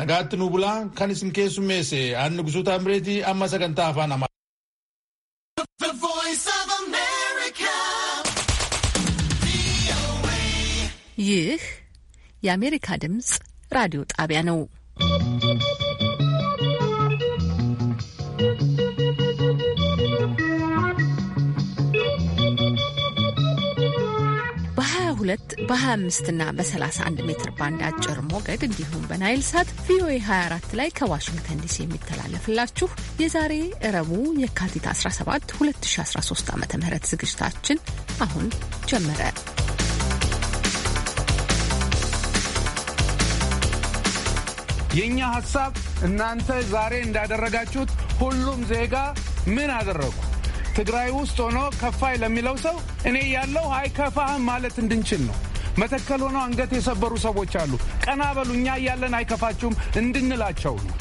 Nagaatti nu bulaa kan isin keessummeesse aanni gusuuta Amireetii amma sagantaa afaan Amaa. ይህ የአሜሪካ ድምፅ ራዲዮ ጣቢያ ነው። በ22 በ25 እና በ31 ሜትር ባንድ አጭር ሞገድ እንዲሁም በናይል ሳት ቪኦኤ 24 ላይ ከዋሽንግተን ዲሲ የሚተላለፍላችሁ የዛሬ እረቡ የካቲት 17 2013 ዓ ም ዝግጅታችን አሁን ጀመረ። የእኛ ሀሳብ እናንተ ዛሬ እንዳደረጋችሁት ሁሉም ዜጋ ምን አደረጉ ትግራይ ውስጥ ሆኖ ከፋይ ለሚለው ሰው እኔ ያለው አይከፋህም ማለት እንድንችል ነው። መተከል ሆነው አንገት የሰበሩ ሰዎች አሉ። ቀና በሉ እኛ እያለን አይከፋችሁም እንድንላቸው ነው።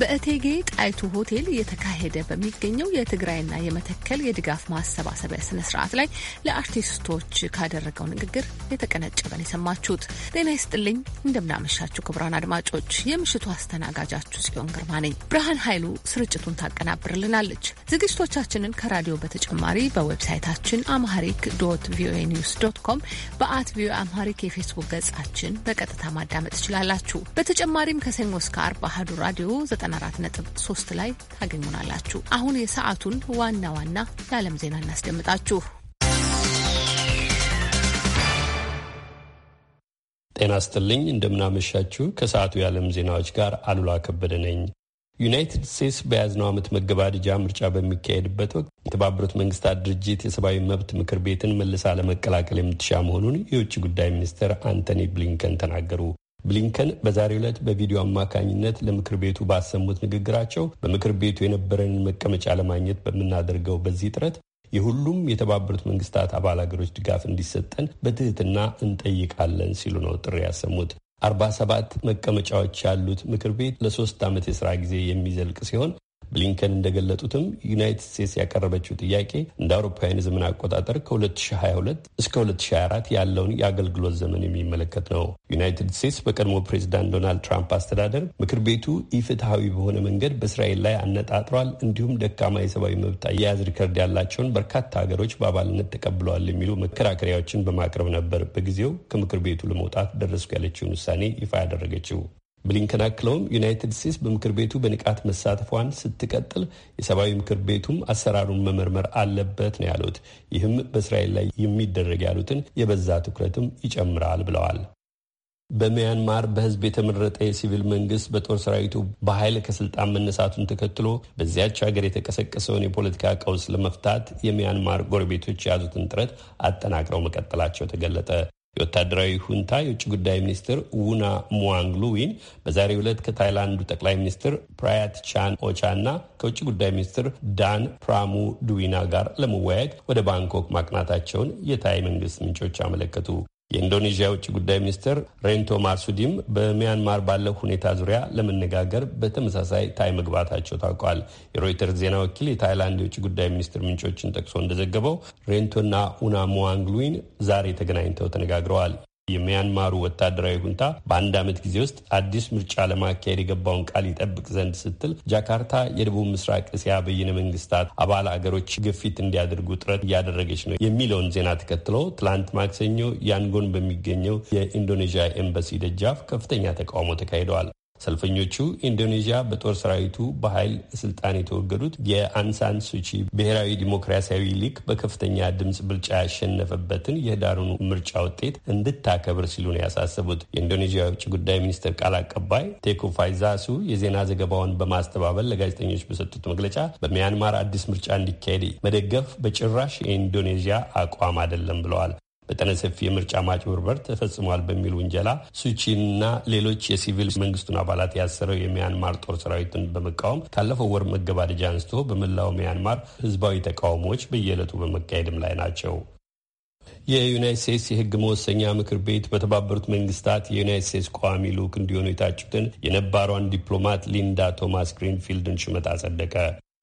በእቴጌ ጣይቱ ሆቴል እየተካሄደ በሚገኘው የትግራይና የመተከል የድጋፍ ማሰባሰቢያ ስነ ስርዓት ላይ ለአርቲስቶች ካደረገው ንግግር የተቀነጨበን የሰማችሁት። ጤና ይስጥልኝ፣ እንደምናመሻችሁ ክቡራን አድማጮች፣ የምሽቱ አስተናጋጃችሁ ጽዮን ግርማ ነኝ። ብርሃን ኃይሉ ስርጭቱን ታቀናብርልናለች። ዝግጅቶቻችንን ከራዲዮ በተጨማሪ በዌብሳይታችን አምሃሪክ ዶት ቪኦኤ ኒውስ ዶት ኮም፣ በአት ቪኦኤ አምሃሪክ የፌስቡክ ገጻችን በቀጥታ ማዳመጥ ትችላላችሁ። በተጨማሪም ከሰኞ እስከ አርብ አህዱ ራዲዮ 94.3 ላይ ታገኙናላችሁ። አሁን የሰዓቱን ዋና ዋና የዓለም ዜና እናስደምጣችሁ። ጤና ስጥልኝ እንደምናመሻችሁ። ከሰዓቱ የዓለም ዜናዎች ጋር አሉላ ከበደ ነኝ። ዩናይትድ ስቴትስ በያዝነው ዓመት መገባደጃ ምርጫ በሚካሄድበት ወቅት የተባበሩት መንግስታት ድርጅት የሰብአዊ መብት ምክር ቤትን መልሳ ለመቀላቀል የምትሻ መሆኑን የውጭ ጉዳይ ሚኒስትር አንቶኒ ብሊንከን ተናገሩ። ብሊንከን በዛሬው ዕለት በቪዲዮ አማካኝነት ለምክር ቤቱ ባሰሙት ንግግራቸው በምክር ቤቱ የነበረንን መቀመጫ ለማግኘት በምናደርገው በዚህ ጥረት የሁሉም የተባበሩት መንግስታት አባል ሀገሮች ድጋፍ እንዲሰጠን በትህትና እንጠይቃለን ሲሉ ነው ጥሪ ያሰሙት። አርባ ሰባት መቀመጫዎች ያሉት ምክር ቤት ለሶስት ዓመት የስራ ጊዜ የሚዘልቅ ሲሆን ብሊንከን እንደገለጡትም ዩናይትድ ስቴትስ ያቀረበችው ጥያቄ እንደ አውሮፓውያን ዘመን አቆጣጠር ከ2022 እስከ 2024 ያለውን የአገልግሎት ዘመን የሚመለከት ነው። ዩናይትድ ስቴትስ በቀድሞ ፕሬዚዳንት ዶናልድ ትራምፕ አስተዳደር ምክር ቤቱ ኢፍትሐዊ በሆነ መንገድ በእስራኤል ላይ አነጣጥሯል፣ እንዲሁም ደካማ የሰብአዊ መብት አያያዝ ሪከርድ ያላቸውን በርካታ ሀገሮች በአባልነት ተቀብለዋል የሚሉ መከራከሪያዎችን በማቅረብ ነበር በጊዜው ከምክር ቤቱ ለመውጣት ደረስኩ ያለችውን ውሳኔ ይፋ ያደረገችው። ብሊንከን አክለውም ዩናይትድ ስቴትስ በምክር ቤቱ በንቃት መሳተፏን ስትቀጥል የሰብአዊ ምክር ቤቱም አሰራሩን መመርመር አለበት ነው ያሉት። ይህም በእስራኤል ላይ የሚደረግ ያሉትን የበዛ ትኩረትም ይጨምራል ብለዋል። በሚያንማር በህዝብ የተመረጠ የሲቪል መንግስት በጦር ሰራዊቱ በኃይል ከስልጣን መነሳቱን ተከትሎ በዚያች ሀገር የተቀሰቀሰውን የፖለቲካ ቀውስ ለመፍታት የሚያንማር ጎረቤቶች የያዙትን ጥረት አጠናክረው መቀጠላቸው ተገለጠ። የወታደራዊ ሁንታ የውጭ ጉዳይ ሚኒስትር ውና ሙዋንግሉዊን በዛሬው ዕለት ከታይላንዱ ጠቅላይ ሚኒስትር ፕራያት ቻን ኦቻ እና ከውጭ ጉዳይ ሚኒስትር ዳን ፕራሙ ዱዊና ጋር ለመወያየት ወደ ባንኮክ ማቅናታቸውን የታይ መንግስት ምንጮች አመለከቱ። የኢንዶኔዥያ ውጭ ጉዳይ ሚኒስትር ሬንቶ ማርሱዲም በሚያንማር ባለው ሁኔታ ዙሪያ ለመነጋገር በተመሳሳይ ታይ መግባታቸው ታውቋል። የሮይተርስ ዜና ወኪል የታይላንድ የውጭ ጉዳይ ሚኒስትር ምንጮችን ጠቅሶ እንደዘገበው ሬንቶና ሙዋንግሉዊን ዛሬ ተገናኝተው ተነጋግረዋል። የሚያንማሩ ወታደራዊ ሁንታ በአንድ ዓመት ጊዜ ውስጥ አዲስ ምርጫ ለማካሄድ የገባውን ቃል ይጠብቅ ዘንድ ስትል ጃካርታ የደቡብ ምስራቅ እስያ በይነ መንግስታት አባል አገሮች ግፊት እንዲያደርጉ ጥረት እያደረገች ነው የሚለውን ዜና ተከትሎ ትላንት ማክሰኞ ያንጎን በሚገኘው የኢንዶኔዥያ ኤምባሲ ደጃፍ ከፍተኛ ተቃውሞ ተካሂደዋል። ሰልፈኞቹ ኢንዶኔዥያ በጦር ሰራዊቱ በኃይል ስልጣን የተወገዱት የአንሳን ሱቺ ብሔራዊ ዲሞክራሲያዊ ሊግ በከፍተኛ ድምፅ ብልጫ ያሸነፈበትን የህዳሩን ምርጫ ውጤት እንድታከብር ሲሉ ነው ያሳሰቡት። የኢንዶኔዥያ የውጭ ጉዳይ ሚኒስትር ቃል አቀባይ ቴኩ ፋይዛሱ የዜና ዘገባውን በማስተባበል ለጋዜጠኞች በሰጡት መግለጫ በሚያንማር አዲስ ምርጫ እንዲካሄድ መደገፍ በጭራሽ የኢንዶኔዥያ አቋም አይደለም ብለዋል። መጠነ ሰፊ የምርጫ ማጭበርበር ተፈጽሟል በሚል ውንጀላ ሱቺንና ሌሎች የሲቪል መንግስቱን አባላት ያሰረው የሚያንማር ጦር ሰራዊትን በመቃወም ካለፈው ወር መገባደጃ አንስቶ በመላው ሚያንማር ህዝባዊ ተቃውሞዎች በየዕለቱ በመካሄድም ላይ ናቸው። የዩናይት ስቴትስ የህግ መወሰኛ ምክር ቤት በተባበሩት መንግስታት የዩናይት ስቴትስ ቋሚ ልዑክ እንዲሆኑ የታጩትን የነባሯን ዲፕሎማት ሊንዳ ቶማስ ግሪንፊልድን ሹመት አጸደቀ።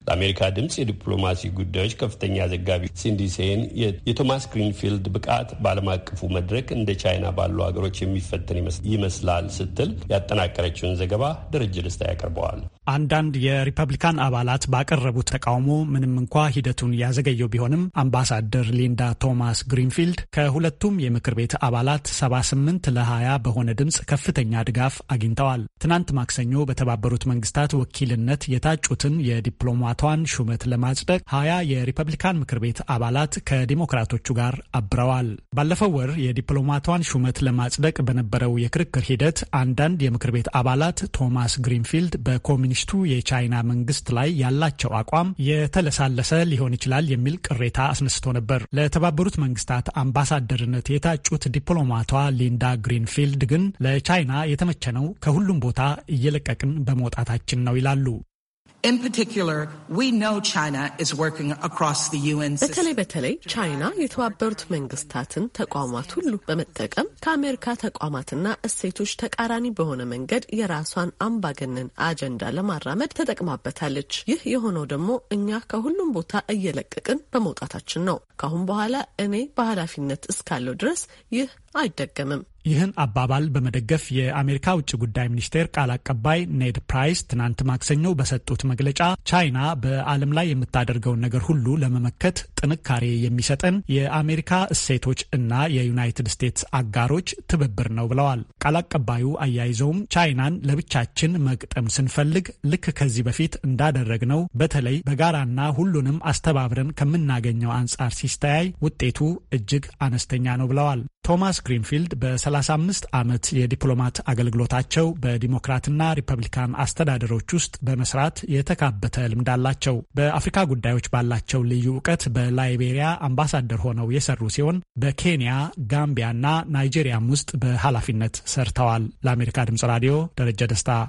ለአሜሪካ ድምፅ የዲፕሎማሲ ጉዳዮች ከፍተኛ ዘጋቢ ሲንዲ ሴን የቶማስ ግሪንፊልድ ብቃት በዓለም አቀፉ መድረክ እንደ ቻይና ባሉ ሀገሮች የሚፈተን ይመስላል ስትል ያጠናቀረችውን ዘገባ ደረጀ ደስታ ያቀርበዋል። አንዳንድ የሪፐብሊካን አባላት ባቀረቡት ተቃውሞ ምንም እንኳ ሂደቱን ያዘገየው ቢሆንም አምባሳደር ሊንዳ ቶማስ ግሪንፊልድ ከሁለቱም የምክር ቤት አባላት 78 ለ20 በሆነ ድምፅ ከፍተኛ ድጋፍ አግኝተዋል። ትናንት ማክሰኞ በተባበሩት መንግስታት ወኪልነት የታጩትን የዲፕሎማቷን ሹመት ለማጽደቅ 20 የሪፐብሊካን ምክር ቤት አባላት ከዲሞክራቶቹ ጋር አብረዋል። ባለፈው ወር የዲፕሎማቷን ሹመት ለማጽደቅ በነበረው የክርክር ሂደት አንዳንድ የምክር ቤት አባላት ቶማስ ግሪንፊልድ በኮሚኒ በግጭቱ የቻይና መንግስት ላይ ያላቸው አቋም የተለሳለሰ ሊሆን ይችላል የሚል ቅሬታ አስነስቶ ነበር። ለተባበሩት መንግስታት አምባሳደርነት የታጩት ዲፕሎማቷ ሊንዳ ግሪንፊልድ ግን ለቻይና የተመቸነው ከሁሉም ቦታ እየለቀቅን በመውጣታችን ነው ይላሉ። በተለይ በተለይ ቻይና የተባበሩት መንግስታትን ተቋማት ሁሉ በመጠቀም ከአሜሪካ ተቋማትና እሴቶች ተቃራኒ በሆነ መንገድ የራሷን አምባገነን አጀንዳ ለማራመድ ተጠቅማበታለች። ይህ የሆነው ደግሞ እኛ ከሁሉም ቦታ እየለቀቅን በመውጣታችን ነው። ከአሁን በኋላ እኔ በኃላፊነት እስካለው ድረስ ይህ አይደገምም። ይህን አባባል በመደገፍ የአሜሪካ ውጭ ጉዳይ ሚኒስቴር ቃል አቀባይ ኔድ ፕራይስ ትናንት ማክሰኞ በሰጡት መግለጫ ቻይና በዓለም ላይ የምታደርገውን ነገር ሁሉ ለመመከት ጥንካሬ የሚሰጠን የአሜሪካ እሴቶች እና የዩናይትድ ስቴትስ አጋሮች ትብብር ነው ብለዋል። ቃል አቀባዩ አያይዘውም ቻይናን ለብቻችን መግጠም ስንፈልግ ልክ ከዚህ በፊት እንዳደረግነው በተለይ በጋራና ሁሉንም አስተባብረን ከምናገኘው አንጻር ሲስተያይ ውጤቱ እጅግ አነስተኛ ነው ብለዋል። ቶማስ ግሪንፊልድ በ35 ዓመት የዲፕሎማት አገልግሎታቸው በዲሞክራትና ሪፐብሊካን አስተዳደሮች ውስጥ በመስራት የተካበተ ልምድ አላቸው። በአፍሪካ ጉዳዮች ባላቸው ልዩ እውቀት በላይቤሪያ አምባሳደር ሆነው የሰሩ ሲሆን በኬንያ፣ ጋምቢያና ናይጄሪያም ውስጥ በኃላፊነት ሰርተዋል። ለአሜሪካ ድምጽ ራዲዮ ደረጀ ደስታ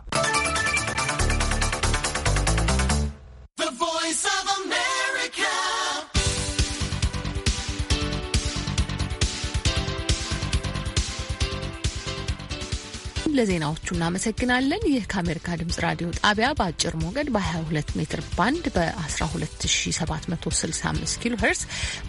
ለዜናዎቹ እናመሰግናለን። ይህ ከአሜሪካ ድምጽ ራዲዮ ጣቢያ በአጭር ሞገድ በ22 ሜትር ባንድ በ12765 ኪሎ ሄርዝ፣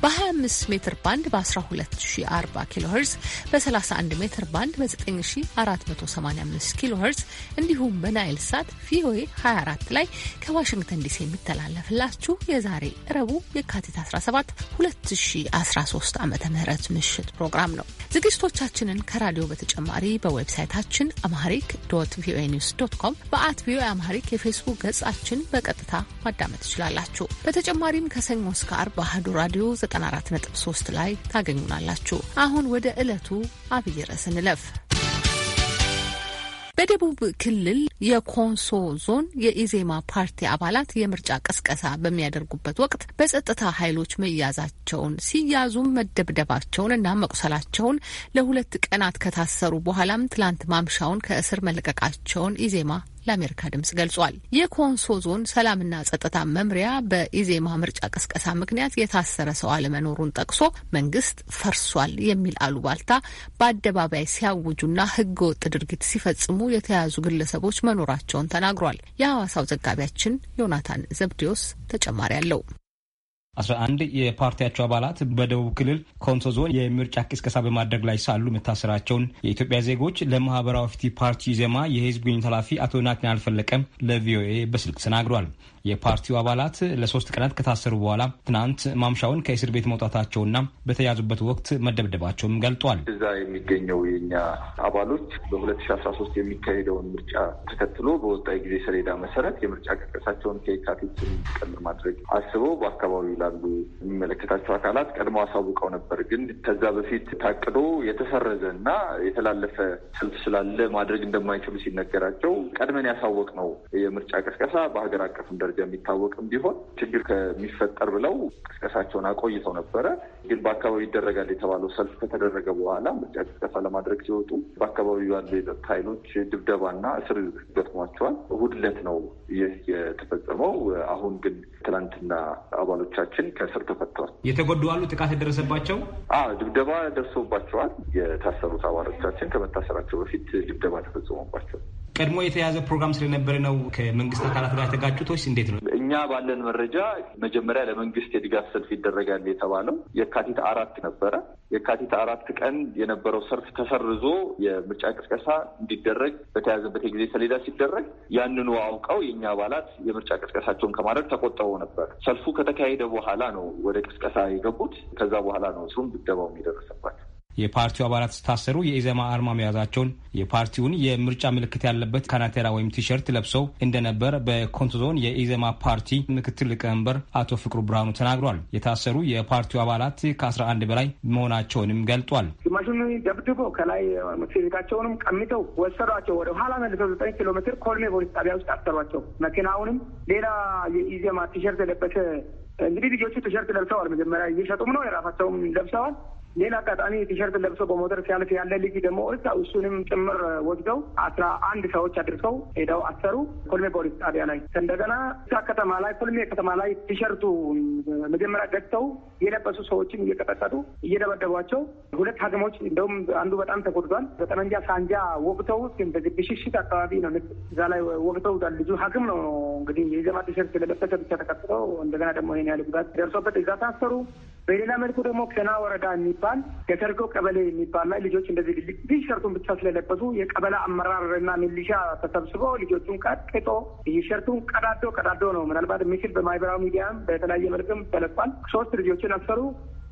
በ25 ሜትር ባንድ በ1240 ኪሎ ሄርዝ፣ በ31 ሜትር ባንድ በ9485 ኪሎ ሄርዝ እንዲሁም በናይል ሳት ቪኦኤ 24 ላይ ከዋሽንግተን ዲሲ የሚተላለፍላችሁ የዛሬ እረቡ የካቲት 17 2013 ዓ ም ምሽት ፕሮግራም ነው። ዝግጅቶቻችንን ከራዲዮ በተጨማሪ በዌብሳይታችን አማሪክ ዶት ቪኦኤ ኒውስ ዶት ኮም፣ በአት ቪኦኤ አማሪክ የፌስቡክ ገጻችን በቀጥታ ማዳመጥ ትችላላችሁ። በተጨማሪም ከሰኞ እስከ አርብ በአህዱ ራዲዮ 94.3 ላይ ታገኙናላችሁ። አሁን ወደ ዕለቱ አብይ ርዕስ እንለፍ። በደቡብ ክልል የኮንሶ ዞን የኢዜማ ፓርቲ አባላት የምርጫ ቀስቀሳ በሚያደርጉበት ወቅት በጸጥታ ኃይሎች መያዛቸውን ሲያዙም መደብደባቸውን እና መቁሰላቸውን ለሁለት ቀናት ከታሰሩ በኋላም ትላንት ማምሻውን ከእስር መለቀቃቸውን ኢዜማ ለአሜሪካ ድምጽ ገልጿል። የኮንሶ ዞን ሰላምና ጸጥታ መምሪያ በኢዜማ ምርጫ ቅስቀሳ ምክንያት የታሰረ ሰው አለመኖሩን ጠቅሶ መንግስት ፈርሷል የሚል አሉባልታ በአደባባይ ሲያውጁና ህገወጥ ድርጊት ሲፈጽሙ የተያዙ ግለሰቦች መኖራቸውን ተናግሯል። የሐዋሳው ዘጋቢያችን ዮናታን ዘብዲዮስ ተጨማሪ አለው። አስራ አንድ የፓርቲያቸው አባላት በደቡብ ክልል ኮንሶ ዞን የምርጫ ቅስቀሳ በማድረግ ላይ ሳሉ መታሰራቸውን የኢትዮጵያ ዜጎች ለማህበራዊ ፍትህ ፓርቲ ዜማ የህዝብ ግንኙነት ኃላፊ አቶ ናትናኤል ፈለቀም ለቪኦኤ በስልክ ተናግሯል። የፓርቲው አባላት ለሶስት ቀናት ከታሰሩ በኋላ ትናንት ማምሻውን ከእስር ቤት መውጣታቸውና በተያዙበት ወቅት መደብደባቸውም ገልጧል። እዛ የሚገኘው የኛ አባሎች በሁለት ሺ አስራ ሶስት የሚካሄደውን ምርጫ ተከትሎ በወጣ ጊዜ ሰሌዳ መሰረት የምርጫ ቀስቀሳቸውን ከየካቲት ቀን ማድረግ አስበው በአካባቢው ላሉ የሚመለከታቸው አካላት ቀድመው አሳውቀው ነበር። ግን ከዛ በፊት ታቅዶ የተሰረዘ እና የተላለፈ ሰልፍ ስላለ ማድረግ እንደማይችሉ ሲነገራቸው ቀድመን ያሳወቅ ነው የምርጫ ቀስቀሳ በሀገር አቀፍ ደረጃ የሚታወቅም ቢሆን ችግር ከሚፈጠር ብለው ቅስቀሳቸውን አቆይተው ነበረ። ግን በአካባቢ ይደረጋል የተባለው ሰልፍ ከተደረገ በኋላ ምርጫ ቅስቀሳ ለማድረግ ሲወጡ በአካባቢው ያሉ የጸጥታ ኃይሎች ድብደባና እስር ገጥሟቸዋል። እሑድ ዕለት ነው ይህ የተፈጸመው። አሁን ግን ትናንትና አባሎቻችን ከእስር ተፈተዋል። የተጎዱ አሉ። ጥቃት የደረሰባቸው ድብደባ ደርሶባቸዋል። የታሰሩት አባሎቻችን ከመታሰራቸው በፊት ድብደባ ተፈጽሞባቸዋል። ቀድሞ የተያዘ ፕሮግራም ስለነበረ ነው ከመንግስት አካላት ጋር የተጋጩት ወይስ እንዴት ነው? እኛ ባለን መረጃ መጀመሪያ ለመንግስት የድጋፍ ሰልፍ ይደረጋል የተባለው የካቲት አራት ነበረ። የካቲት አራት ቀን የነበረው ሰልፍ ተሰርዞ የምርጫ ቅስቀሳ እንዲደረግ በተያዘበት የጊዜ ሰሌዳ ሲደረግ ያንኑ አውቀው የእኛ አባላት የምርጫ ቅስቀሳቸውን ከማድረግ ተቆጥበው ነበር። ሰልፉ ከተካሄደ በኋላ ነው ወደ ቅስቀሳ የገቡት። ከዛ በኋላ ነው ስሩም ድብደባው የደረሰባት። የፓርቲው አባላት ስታሰሩ የኢዜማ አርማ መያዛቸውን የፓርቲውን የምርጫ ምልክት ያለበት ካናቴራ ወይም ቲሸርት ለብሰው እንደነበር በኮንቶ ዞን የኢዜማ ፓርቲ ምክትል ሊቀመንበር አቶ ፍቅሩ ብርሃኑ ተናግሯል። የታሰሩ የፓርቲው አባላት ከአስራ አንድ በላይ መሆናቸውንም ገልጧል። ግማሹን ደብድቦ ከላይ ፊዚካቸውንም ቀምተው ወሰዷቸው። ወደ ኋላ መልሰው ዘጠኝ ኪሎ ሜትር ኮልሜ ፖሊስ ጣቢያ ውስጥ አሰሯቸው። መኪናውንም ሌላ የኢዜማ ቲሸርት የለበሰ እንግዲህ ልጆቹ ቲሸርት ለብሰዋል። መጀመሪያ እየሸጡም ነው የራሳቸውም ለብሰዋል። ሌላ አጋጣሚ ቲሸርት ለብሶ በሞተር ሲያልፍ ያለ ልጅ ደግሞ እሱንም ጭምር ወስደው አስራ አንድ ሰዎች አድርሰው ሄደው አሰሩ። ኮልሜ ፖሊስ ጣቢያ ላይ እንደገና እዛ ከተማ ላይ ኮልሜ ከተማ ላይ ቲሸርቱ መጀመሪያ ገዝተው የለበሱ ሰዎችን እየቀጠቀጡ እየደበደቧቸው ሁለት ሐኪሞች እንደውም አንዱ በጣም ተጎድቷል። በጠመንጃ ሳንጃ ወቅተው ብሽሽት አካባቢ ነው እዛ ላይ ወቅተው ልጁ ሐኪም ነው እንግዲህ የዘማ ቲሸርት ለለበሰ ብቻ ተቀጥተው እንደገና ደግሞ ይሄን ያለ ጉዳት ደርሶበት እዛ ታሰሩ። በሌላ መልኩ ደግሞ ከና ወረዳ የሚባል የተርጎ ቀበሌ የሚባል ላይ ልጆች እንደዚህ ልጅ ሸርቱን ብቻ ስለለበሱ የቀበሌ አመራርና ሚሊሻ ተሰብስቦ ልጆቹን ቀጥቅጦ ሸርቱን ቀዳዶ ቀዳዶ ነው። ምናልባት ምስል በማህበራዊ ሚዲያም በተለያየ መልክም ተለቋል። ሶስት ልጆችን አሰሩ።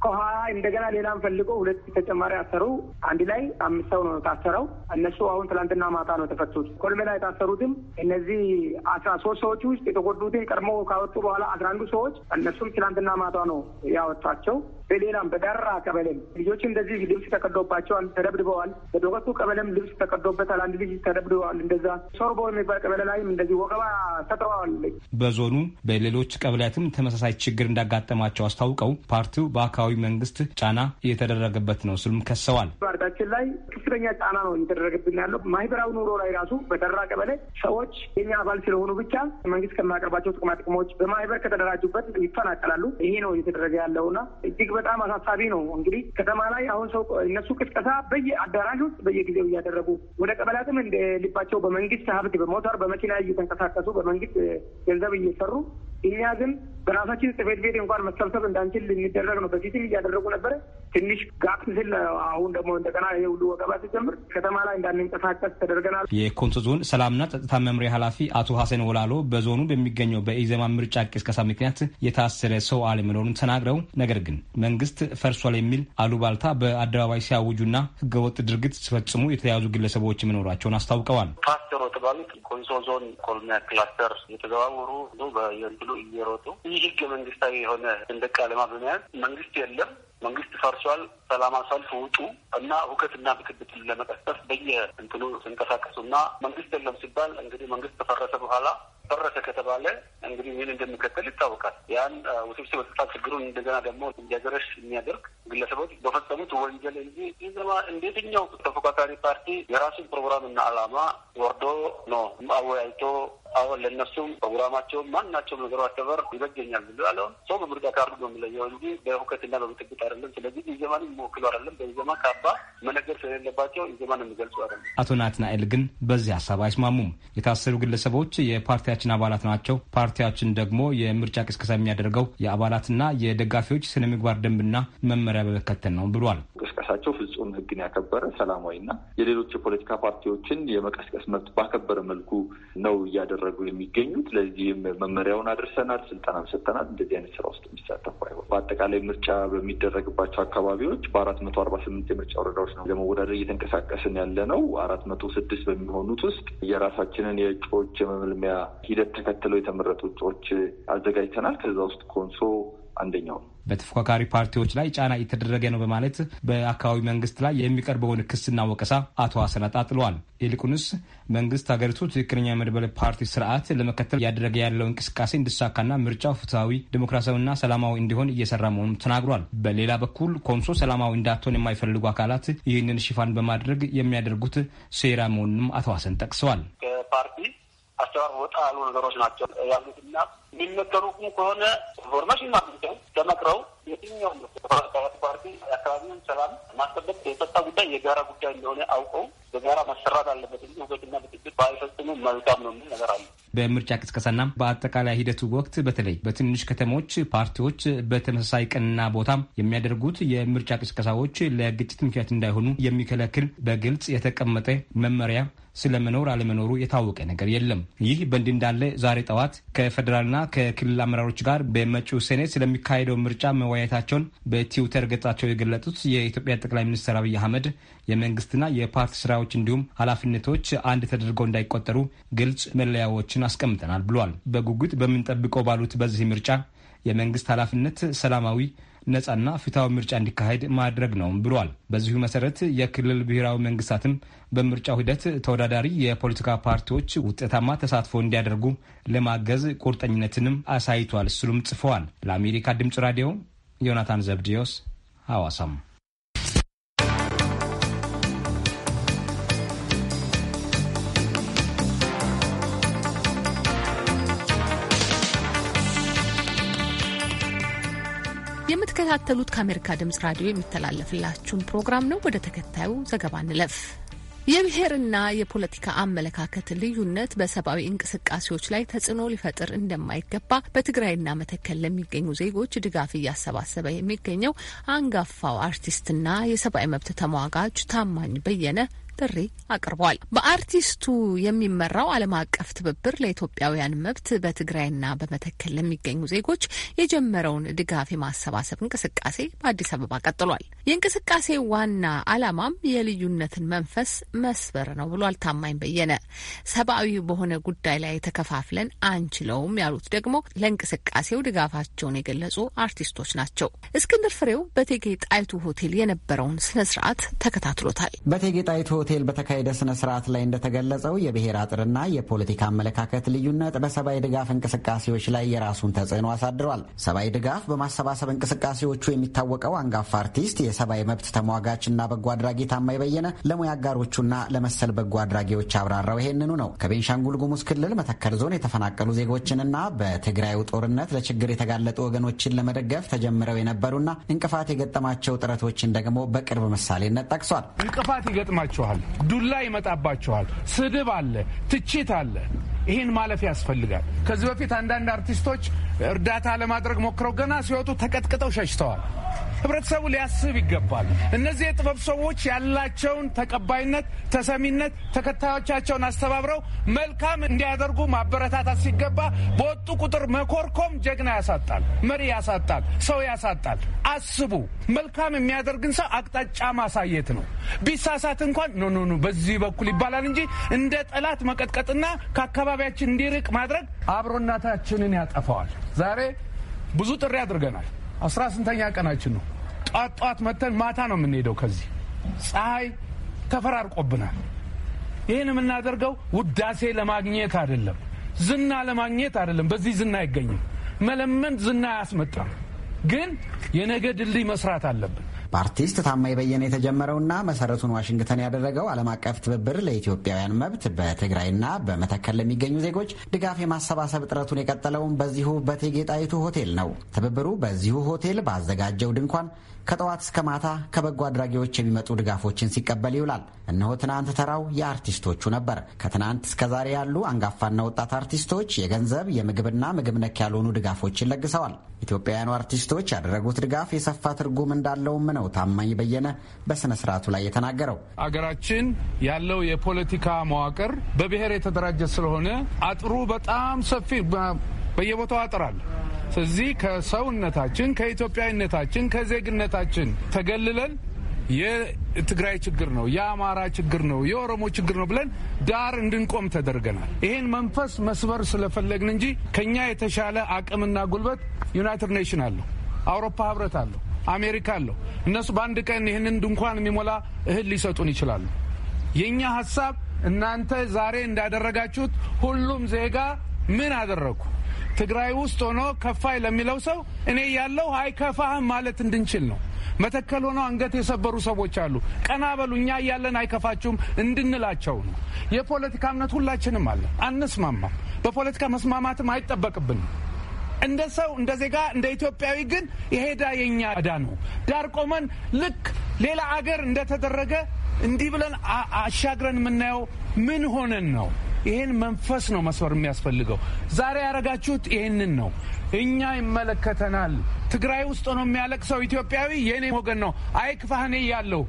ከኋላ እንደገና ሌላም ፈልጎ ሁለት ተጨማሪ አሰሩ። አንድ ላይ አምስት ሰው ነው ታሰረው እነሱ አሁን ትላንትና ማታ ነው የተፈቱት። ኮልሜላ የታሰሩትም እነዚህ አስራ ሶስት ሰዎች ውስጥ የተጎዱትን ቀድሞ ካወጡ በኋላ አስራ አንዱ ሰዎች እነሱም ትላንትና ማታ ነው ያወጣቸው። በሌላም በዳራ ቀበሌም ልጆች እንደዚህ ልብስ ተቀዶባቸዋል፣ ተደብድበዋል። በዶቀቱ ቀበሌም ልብስ ተቀዶበታል። አንድ ልጅ ተደብድበዋል። እንደዛ ሶርቦ የሚባል ቀበሌ ላይም እንደዚህ ወገባ ተጥረዋል። በዞኑ በሌሎች ቀበሌያትም ተመሳሳይ ችግር እንዳጋጠማቸው አስታውቀው ፓርቲው በአካባቢ የጊዜያዊ መንግስት ጫና እየተደረገበት ነው ስሉም ከሰዋል። አርጋችን ላይ ከፍተኛ ጫና ነው እየተደረገብን ያለው። ማህበራዊ ኑሮ ላይ ራሱ በተራ ቀበሌ ሰዎች የኛ አባል ስለሆኑ ብቻ መንግስት ከማያቀርባቸው ጥቅማ ጥቅሞች በማህበር ከተደራጁበት ይፈናቀላሉ። ይሄ ነው እየተደረገ ያለውና እጅግ በጣም አሳሳቢ ነው። እንግዲህ ከተማ ላይ አሁን ሰው እነሱ ቅስቀሳ በየአዳራሽ ውስጥ በየጊዜው እያደረጉ ወደ ቀበላትም እንደ ልባቸው በመንግስት ሀብት በሞተር በመኪና እየተንቀሳቀሱ በመንግስት ገንዘብ እየሰሩ እኛ ግን በራሳችን ጽሕፈት ቤት እንኳን መሰብሰብ እንዳንችል የሚደረግ ነው። በፊትም እያደረጉ ነበረ። ትንሽ ጋፕ ስል አሁን ደግሞ እንደገና ይሄ ሁሉ ወቀባ ሲጀምር ከተማ ላይ እንዳንንቀሳቀስ ተደርገናል። የኮንሶ ዞን ሰላምና ጸጥታ መምሪያ ኃላፊ አቶ ሀሰን ወላሎ በዞኑ በሚገኘው በኢዘማ ምርጫ ቅስቀሳ ምክንያት የታሰረ ሰው አለመኖሩን ተናግረው ነገር ግን መንግስት ፈርሷል የሚል አሉባልታ በአደባባይ ሲያውጁና ህገወጥ ድርግት ሲፈጽሙ የተያዙ ግለሰቦች መኖራቸውን አስታውቀዋል። ፓስተሮ የተባሉት ኮንሶ ዞን ኮሎኒያ ክላስተር የተዘዋወሩ ብሎ እየሮጡ ይህ ህገ መንግስታዊ የሆነ ሰንደቅ ዓላማ በመያዝ መንግስት የለም መንግስት ፈርሷል፣ ሰላም አሳልፍ ውጡ እና ሁከትና ብክብት ለመቀስቀስ በየ እንትኑ እና መንግስት የለም ሲባል እንግዲህ መንግስት ከፈረሰ በኋላ ፈረሰ ከተባለ እንግዲህ ምን እንደሚከተል ይታወቃል። ያን ውስብስብ ጸጥታ ችግሩን እንደገና ደግሞ እንዲያገረሽ የሚያደርግ ግለሰቦች በፈጸሙት ወንጀል እንጂ ኢዜማ እንደየትኛው ተፎካካሪ ፓርቲ የራሱን ፕሮግራምና አላማ ወርዶ ነው አወያይቶ አሁን ለእነሱም ፕሮግራማቸውም ማናቸውም ነገሩ አተበር ይበጀኛል ብሎ ያለውን ሰው በምርጫ ካርዱ ነው የሚለየው እንጂ በሁከትና በብጥብጥ አይደለም። ስለዚህ ኢዜማን የሚወክሉ አይደለም። በኢዜማ ካባ መነገር ስለሌለባቸው ኢዜማን የሚገልጹ አይደለም። አቶ ናትናኤል ግን በዚህ ሀሳብ አይስማሙም። የታሰሩ ግለሰቦች የፓርቲያችን አባላት ናቸው። ፓርቲያችን ደግሞ የምርጫ ቅስቀሳ የሚያደርገው የአባላትና የደጋፊዎች ስነ ምግባር ደንብና መመሪያ በመከተል ነው ብሏል። ቅስቀሳቸው ፍጹም ህግን ያከበረ ሰላማዊና የሌሎች የፖለቲካ ፓርቲዎችን የመቀስቀስ መብት ባከበረ መልኩ ነው እያደረጉ የሚገኙት። ለዚህም መመሪያውን አድርሰናል፣ ስልጠናም ሰጥተናል። እንደዚህ አይነት ስራ ውስጥ የሚሳተፉ አይሆን። በአጠቃላይ ምርጫ በሚደረግባቸው አካባቢዎች በአራት መቶ አርባ ስምንት የምርጫ ወረዳዎች ነው ለመወዳደር እየተንቀሳቀስን ያለ ነው። አራት መቶ ስድስት በሚሆኑት ውስጥ የራሳችንን የእጩዎች የመመልሚያ ሂደት ተከትለው የተመረጡ እጩዎች አዘጋጅተናል። ከዛ ውስጥ ኮንሶ አንደኛው ነው። በተፎካካሪ ፓርቲዎች ላይ ጫና እየተደረገ ነው በማለት በአካባቢ መንግስት ላይ የሚቀርበውን ክስና ወቀሳ አቶ ሀሰን አጣጥለዋል። ይልቁንስ መንግስት ሀገሪቱ ትክክለኛ የመድበለ ፓርቲ ስርዓት ለመከተል እያደረገ ያለው እንቅስቃሴ እንዲሳካና ምርጫው ፍትሐዊ፣ ዲሞክራሲያዊና ሰላማዊ እንዲሆን እየሰራ መሆኑን ተናግሯል። በሌላ በኩል ኮንሶ ሰላማዊ እንዳትሆን የማይፈልጉ አካላት ይህንን ሽፋን በማድረግ የሚያደርጉት ሴራ መሆኑንም አቶ ሀሰን ጠቅሰዋል። ፓርቲ አሰራር ወጣ ያሉ ነገሮች ናቸው ያሉት ያሉትና የሚመከሩ ከሆነ ኢንፎርሜሽን ማግኘው ተመክረው የትኛውም ተባራት ፓርቲ የአካባቢውን ሰላም ማስጠበቅ የጸጥታ ጉዳይ የጋራ ጉዳይ እንደሆነ አውቀው በጋራ ማሰራት አለበት እንጂ ውበትና ብጥብጥ ባይፈጽሙ መልካም ነው የሚል ነገር አለ። በምርጫ ቅስቀሳና በአጠቃላይ ሂደቱ ወቅት በተለይ በትንሽ ከተሞች ፓርቲዎች በተመሳሳይ ቀንና ቦታ የሚያደርጉት የምርጫ ቅስቀሳዎች ለግጭት ምክንያት እንዳይሆኑ የሚከለክል በግልጽ የተቀመጠ መመሪያ ስለመኖር አለመኖሩ የታወቀ ነገር የለም። ይህ በእንዲህ እንዳለ ዛሬ ጠዋት ከፌዴራልና ከክልል አመራሮች ጋር በመጪው ሴኔት ስለሚካሄደው ምርጫ መወያየታቸውን በትዊተር ገጻቸው የገለጡት የኢትዮጵያ ጠቅላይ ሚኒስትር አብይ አህመድ የመንግስትና የፓርቲ ስራዎች እንዲሁም ኃላፊነቶች አንድ ተደርገው እንዳይቆጠሩ ግልጽ መለያዎችን አስቀምጠናል ብሏል። በጉጉት በምንጠብቀው ባሉት በዚህ ምርጫ የመንግስት ኃላፊነት ሰላማዊ ነጻና ፍትሐዊ ምርጫ እንዲካሄድ ማድረግ ነው ብሏል። በዚሁ መሰረት የክልል ብሔራዊ መንግስታትም በምርጫው ሂደት ተወዳዳሪ የፖለቲካ ፓርቲዎች ውጤታማ ተሳትፎ እንዲያደርጉ ለማገዝ ቁርጠኝነትንም አሳይቷል ስሉም ጽፈዋል። ለአሜሪካ ድምጽ ራዲዮ ዮናታን ዘብዲዮስ ሐዋሳም የምትከታተሉት ከአሜሪካ ድምጽ ራዲዮ የሚተላለፍላችሁን ፕሮግራም ነው። ወደ ተከታዩ ዘገባ እንለፍ። የብሔርና የፖለቲካ አመለካከት ልዩነት በሰብአዊ እንቅስቃሴዎች ላይ ተጽዕኖ ሊፈጥር እንደማይገባ በትግራይና መተከል ለሚገኙ ዜጎች ድጋፍ እያሰባሰበ የሚገኘው አንጋፋው አርቲስትና የሰብአዊ መብት ተሟጋች ታማኝ በየነ ጥሪ አቅርቧል። በአርቲስቱ የሚመራው ዓለም አቀፍ ትብብር ለኢትዮጵያውያን መብት በትግራይና በመተከል ለሚገኙ ዜጎች የጀመረውን ድጋፍ የማሰባሰብ እንቅስቃሴ በአዲስ አበባ ቀጥሏል። የእንቅስቃሴ ዋና ዓላማም የልዩነትን መንፈስ መስበር ነው ብሏል ታማኝ በየነ። ሰብአዊ በሆነ ጉዳይ ላይ ተከፋፍለን አንችለውም ያሉት ደግሞ ለእንቅስቃሴው ድጋፋቸውን የገለጹ አርቲስቶች ናቸው። እስክንድር ፍሬው በቴጌ ጣይቱ ሆቴል የነበረውን ስነ ተከታትሎታል። በቴጌ ጣይቱ ሆቴል በተካሄደ ስነ ስርዓት ላይ እንደተገለጸው የብሔር አጥርና የፖለቲካ አመለካከት ልዩነት በሰብአዊ ድጋፍ እንቅስቃሴዎች ላይ የራሱን ተጽዕኖ አሳድሯል። ሰብአዊ ድጋፍ በማሰባሰብ እንቅስቃሴዎቹ የሚታወቀው አንጋፋ አርቲስት፣ የሰብአዊ መብት ተሟጋችና በጎ አድራጊ ታማኝ በየነ ለሙያ አጋሮቹና ለመሰል በጎ አድራጊዎች አብራራው ይሄንኑ ነው። ከቤንሻንጉል ጉሙዝ ክልል መተከል ዞን የተፈናቀሉ ዜጎችንና በትግራዩ ጦርነት ለችግር የተጋለጡ ወገኖችን ለመደገፍ ተጀምረው የነበሩና እንቅፋት የገጠማቸው ጥረቶችን ደግሞ በቅርብ ምሳሌነት ጠቅሷል። እንቅፋት ይገጥማችኋል ዱላ ይመጣባቸዋል፣ ስድብ አለ፣ ትችት አለ። ይህን ማለፍ ያስፈልጋል። ከዚህ በፊት አንዳንድ አርቲስቶች እርዳታ ለማድረግ ሞክረው ገና ሲወጡ ተቀጥቅጠው ሸሽተዋል። ህብረተሰቡ ሊያስብ ይገባል። እነዚህ የጥበብ ሰዎች ያላቸውን ተቀባይነት፣ ተሰሚነት ተከታዮቻቸውን አስተባብረው መልካም እንዲያደርጉ ማበረታታት ሲገባ በወጡ ቁጥር መኮርኮም ጀግና ያሳጣል፣ መሪ ያሳጣል፣ ሰው ያሳጣል። አስቡ። መልካም የሚያደርግን ሰው አቅጣጫ ማሳየት ነው። ቢሳሳት እንኳን ኖ ኖ በዚህ በኩል ይባላል እንጂ እንደ ጠላት መቀጥቀጥና ከአካባቢ ከአካባቢያችን እንዲርቅ ማድረግ አብሮናታችንን ያጠፋዋል። ዛሬ ብዙ ጥሪ አድርገናል። አስራ ስንተኛ ቀናችን ነው። ጧት ጧት መተን ማታ ነው የምንሄደው ከዚህ ፀሐይ ተፈራርቆብናል። ይህን የምናደርገው ውዳሴ ለማግኘት አይደለም፣ ዝና ለማግኘት አይደለም። በዚህ ዝና አይገኝም። መለመን ዝና አያስመጣም። ግን የነገ ድልድይ መስራት አለብን። በአርቲስት ታማኝ በየነ የተጀመረውና መሰረቱን ዋሽንግተን ያደረገው ዓለም አቀፍ ትብብር ለኢትዮጵያውያን መብት በትግራይና በመተከል ለሚገኙ ዜጎች ድጋፍ የማሰባሰብ ጥረቱን የቀጠለውም በዚሁ በቴጌ ሆቴል ነው። ትብብሩ በዚሁ ሆቴል ባዘጋጀው ድንኳን ከጠዋት እስከ ማታ ከበጎ አድራጊዎች የሚመጡ ድጋፎችን ሲቀበል ይውላል። እነሆ ትናንት ተራው የአርቲስቶቹ ነበር። ከትናንት እስከ ዛሬ ያሉ አንጋፋና ወጣት አርቲስቶች የገንዘብ የምግብና ምግብ ነክ ያልሆኑ ድጋፎችን ለግሰዋል። ኢትዮጵያውያኑ አርቲስቶች ያደረጉት ድጋፍ የሰፋ ትርጉም እንዳለውም ነው ታማኝ በየነ በሥነ ሥርዓቱ ላይ የተናገረው። አገራችን ያለው የፖለቲካ መዋቅር በብሔር የተደራጀ ስለሆነ አጥሩ በጣም ሰፊ በየቦታው አጥር አለ። ስለዚህ ከሰውነታችን፣ ከኢትዮጵያዊነታችን፣ ከዜግነታችን ተገልለን የትግራይ ችግር ነው፣ የአማራ ችግር ነው፣ የኦሮሞ ችግር ነው ብለን ዳር እንድንቆም ተደርገናል። ይህን መንፈስ መስበር ስለፈለግን እንጂ ከኛ የተሻለ አቅምና ጉልበት ዩናይትድ ኔሽን አለው፣ አውሮፓ ህብረት አለው፣ አሜሪካ አለው። እነሱ በአንድ ቀን ይህንን ድንኳን የሚሞላ እህል ሊሰጡን ይችላሉ። የእኛ ሀሳብ እናንተ ዛሬ እንዳደረጋችሁት ሁሉም ዜጋ ምን አደረግኩ ትግራይ ውስጥ ሆኖ ከፋይ ለሚለው ሰው እኔ ያለው አይከፋህም ማለት እንድንችል ነው። መተከል ሆነው አንገት የሰበሩ ሰዎች አሉ። ቀና በሉ እኛ እያለን አይከፋችሁም እንድንላቸው ነው። የፖለቲካ እምነት ሁላችንም አለ። አንስማማም። በፖለቲካ መስማማትም አይጠበቅብንም። እንደ ሰው እንደ ዜጋ እንደ ኢትዮጵያዊ ግን የሄዳ የኛ እዳ ነው። ዳር ቆመን ልክ ሌላ አገር እንደተደረገ እንዲህ ብለን አሻግረን የምናየው ምን ሆነን ነው? ይህን መንፈስ ነው መስበር የሚያስፈልገው። ዛሬ ያደረጋችሁት ይህንን ነው። እኛ ይመለከተናል። ትግራይ ውስጥ ነው የሚያለቅሰው ኢትዮጵያዊ የእኔ ወገን ነው አይክፋህኔ ያለው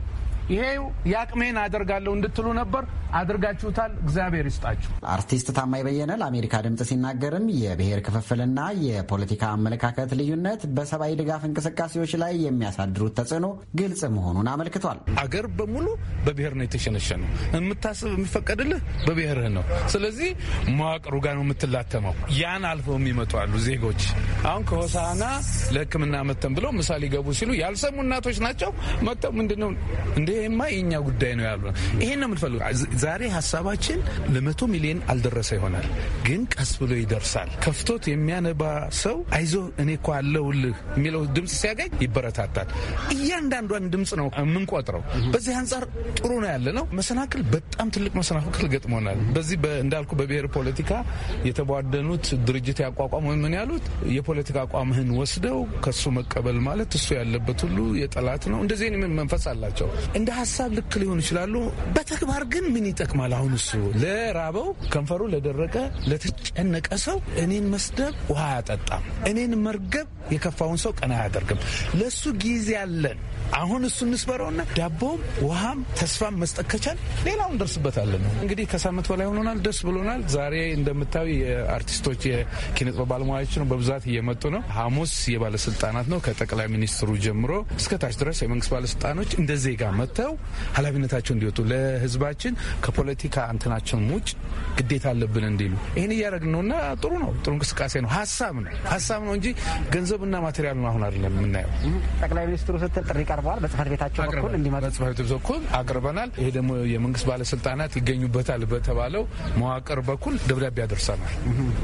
ይሄው የአቅሜን አደርጋለሁ እንድትሉ ነበር። አድርጋችሁታል። እግዚአብሔር ይስጣችሁ። አርቲስት ታማኝ በየነ ለአሜሪካ ድምፅ ሲናገርም የብሔር ክፍፍልና የፖለቲካ አመለካከት ልዩነት በሰብአዊ ድጋፍ እንቅስቃሴዎች ላይ የሚያሳድሩት ተጽዕኖ ግልጽ መሆኑን አመልክቷል። አገር በሙሉ በብሔር ነው የተሸነሸነው። የምታስብ የሚፈቀድልህ በብሔርህ ነው። ስለዚህ መዋቅሩ ጋር ነው የምትላተመው። ያን አልፈው የሚመጡ አሉ ዜጎች አሁን ከሆሳና ለሕክምና መተን ብለው ምሳ ሊገቡ ሲሉ ያልሰሙ እናቶች ናቸው መተው ምንድነው እንደ ይሄማ የኛ ጉዳይ ነው ያሉ ይሄን ነው የምንፈልገው። ዛሬ ሀሳባችን ለመቶ ሚሊዮን አልደረሰ ይሆናል፣ ግን ቀስ ብሎ ይደርሳል። ከፍቶት የሚያነባ ሰው አይዞ እኔ እኮ አለሁልህ የሚለው ድምፅ ሲያገኝ ይበረታታል። እያንዳንዷን ድምፅ ነው የምንቆጥረው። በዚህ አንጻር ጥሩ ነው ያለ ነው። መሰናክል በጣም ትልቅ መሰናክል ገጥሞናል። በዚህ እንዳልኩ በብሔር ፖለቲካ የተቧደኑት ድርጅት ያቋቋም ወይም ምን ያሉት የፖለቲካ አቋምህን ወስደው ከሱ መቀበል ማለት እሱ ያለበት ሁሉ የጠላት ነው እንደዚህ መንፈስ አላቸው። እንደ ሀሳብ ልክ ሊሆን ይችላሉ። በተግባር ግን ምን ይጠቅማል? አሁን እሱ ለራበው ከንፈሩ ለደረቀ ለተጨነቀ ሰው እኔን መስደብ ውሃ አያጠጣም። እኔን መርገብ የከፋውን ሰው ቀና አያደርግም። ለሱ ጊዜ አለን። አሁን እሱ እንስበረውና ዳቦም ውሃም ተስፋም መስጠት ከቻል ሌላውን ደርስበታለን። እንግዲህ ከሳምንት በላይ ሆኖናል። ደስ ብሎናል። ዛሬ እንደምታዩ የአርቲስቶች የኪነ ባለሙያዎች ነው በብዛት እየመጡ ነው። ሐሙስ የባለስልጣናት ነው ከጠቅላይ ሚኒስትሩ ጀምሮ እስከ ታች ድረስ የመንግስት ባለስልጣኖች እንደ ዜጋ መጥተው ኃላፊነታቸው እንዲወጡ ለህዝባችን ከፖለቲካ እንትናቸውን ውጭ ግዴታ አለብን እንዲሉ ይህን እያደረግን ነው እና ጥሩ ነው። ጥሩ እንቅስቃሴ ነው። ሀሳብ ነው ሀሳብ ነው እንጂ ገንዘብና ማቴሪያል ነው አሁን አይደለም የምናየው። ጠቅላይ ሚኒስትሩ ስትል ጥሪ ቀርበዋል። በጽህፈት ቤታቸው በኩል እንዲመጡ በጽህፈት ቤት በኩል አቅርበናል። ይሄ ደግሞ የመንግስት ባለስልጣናት ይገኙበታል በተባለው መዋቅር በኩል ደብዳቤ ያደርሰናል።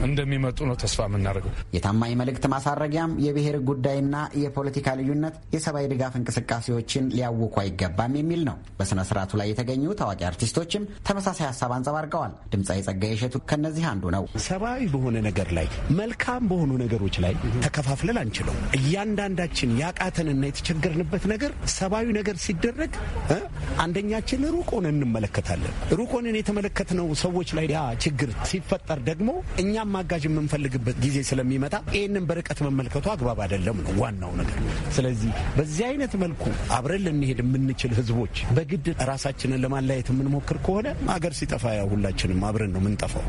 እንደሚመጡ ነው ተስፋ የምናደርገው። የታማኝ መልእክት ማሳረጊያም የብሔር ጉዳይና የፖለቲካ ልዩነት የሰብአዊ ድጋፍ እንቅስቃሴዎችን ሊያውኩ አይገባም የሚል ነው። በስነ ስርዓቱ ላይ የተገኙ ታዋቂ አርቲስቶችም ተመሳሳይ ሀሳብ አንጸባርቀዋል። ድምፃዊ ጸጋዬ እሸቱ ከነዚህ አንዱ ነው። ሰብአዊ በሆነ ነገር ላይ መልካም በሆኑ ነገሮች ላይ ተከፋፍለን አንችለው። እያንዳንዳችን ያቃተንና የተቸገርንበት ነገር ነገር ሰብአዊ ነገር ሲደረግ አንደኛችን ሩቅ ሆነን እንመለከታለን። ሩቅ ሆነን የተመለከትነው ሰዎች ላይ ያ ችግር ሲፈጠር ደግሞ እኛም አጋዥ የምንፈልግበት ጊዜ ስለሚመጣ ይህንን በርቀት መመልከቱ አግባብ አይደለም ነው ዋናው ነገር። ስለዚህ በዚህ አይነት መልኩ አብረን ልንሄድ የምንችል ህዝቦች በግድ ራሳችንን ለማለያየት የምንሞክር ከሆነ አገር ሲጠፋ ያው ሁላችንም አብረን ነው የምንጠፋው።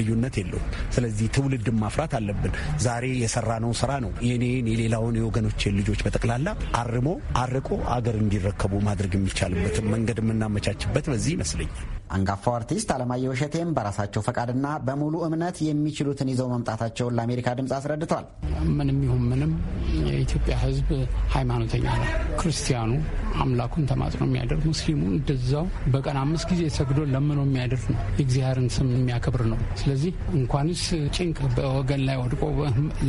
ልዩነት የለውም። ስለዚህ ትውልድን ማፍራት አለብን። ዛሬ የሰራነው ስራ ነው የኔን የሌላውን የወገኖችን ልጆች በጠቅላላ አርሞ አር ተመርቆ አገር እንዲረከቡ ማድረግ የሚቻልበትን መንገድ የምናመቻችበት በዚህ ይመስለኛል። አንጋፋው አርቲስት አለማየሁ እሸቴም በራሳቸው ፈቃድና በሙሉ እምነት የሚችሉትን ይዘው መምጣታቸውን ለአሜሪካ ድምፅ አስረድቷል። ምንም ይሁን ምንም የኢትዮጵያ ሕዝብ ሃይማኖተኛ ነው። ክርስቲያኑ አምላኩን ተማጽኖ የሚያደርግ ሙስሊሙ እንደዛው በቀን አምስት ጊዜ ሰግዶ ለምኖ የሚያደርግ ነው። የእግዚአብሔርን ስም የሚያከብር ነው። ስለዚህ እንኳንስ ጭንቅ በወገን ላይ ወድቆ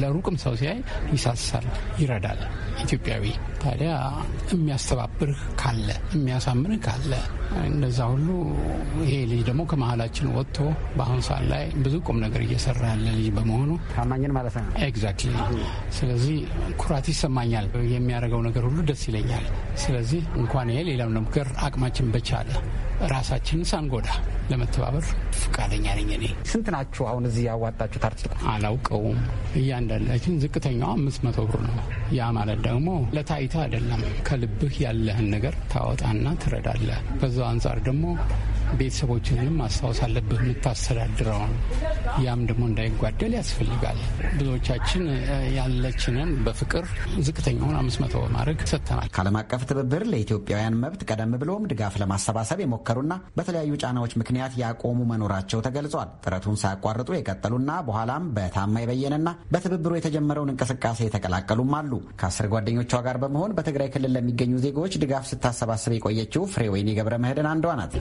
ለሩቅም ሰው ሲያይ ይሳሳል፣ ይረዳል። ኢትዮጵያዊ ታዲያ የሚያስተባብርህ ካለ የሚያሳምንህ ካለ እነዛ ሁሉ ይሄ ልጅ ደግሞ ከመሀላችን ወጥቶ በአሁኑ ሰዓት ላይ ብዙ ቁም ነገር እየሰራ ያለ ልጅ በመሆኑ ታማኝን ማለት ነው። ኤግዛክትሊ። ስለዚህ ኩራት ይሰማኛል። የሚያደርገው ነገር ሁሉ ደስ ይለኛል። ስለዚህ እንኳን ይሄ ሌላው ነገር አቅማችን በቻለ ራሳችንን ሳንጎዳ ለመተባበር ፈቃደኛ ነኝ። እኔ ስንት ናችሁ አሁን እዚህ ያዋጣችሁ? አርቲስት አላውቀውም። እያንዳንዳችን ዝቅተኛው አምስት መቶ ብር ነው። ያ ማለት ደግሞ ለታይታ አይደለም። ከልብህ ያለህን ነገር ታወጣና ትረዳለህ። በዛው አንጻር ደግሞ ቤተሰቦችንም ማስታወስ አለብህ የምታስተዳድረውን። ያም ደግሞ እንዳይጓደል ያስፈልጋል። ብዙዎቻችን ያለችንን በፍቅር ዝቅተኛውን አምስት መቶ በማድረግ ሰጥተናል። ከዓለም አቀፍ ትብብር ለኢትዮጵያውያን መብት ቀደም ብሎም ድጋፍ ለማሰባሰብ የሞከሩና በተለያዩ ጫናዎች ምክንያት ያቆሙ መኖራቸው ተገልጿል። ጥረቱን ሳያቋርጡ የቀጠሉና በኋላም በታማ የበየነና በትብብሩ የተጀመረውን እንቅስቃሴ የተቀላቀሉም አሉ። ከአስር ጓደኞቿ ጋር በመሆን በትግራይ ክልል ለሚገኙ ዜጎች ድጋፍ ስታሰባስብ የቆየችው ፍሬወይኒ ገብረ መድህን አንዷ ናት።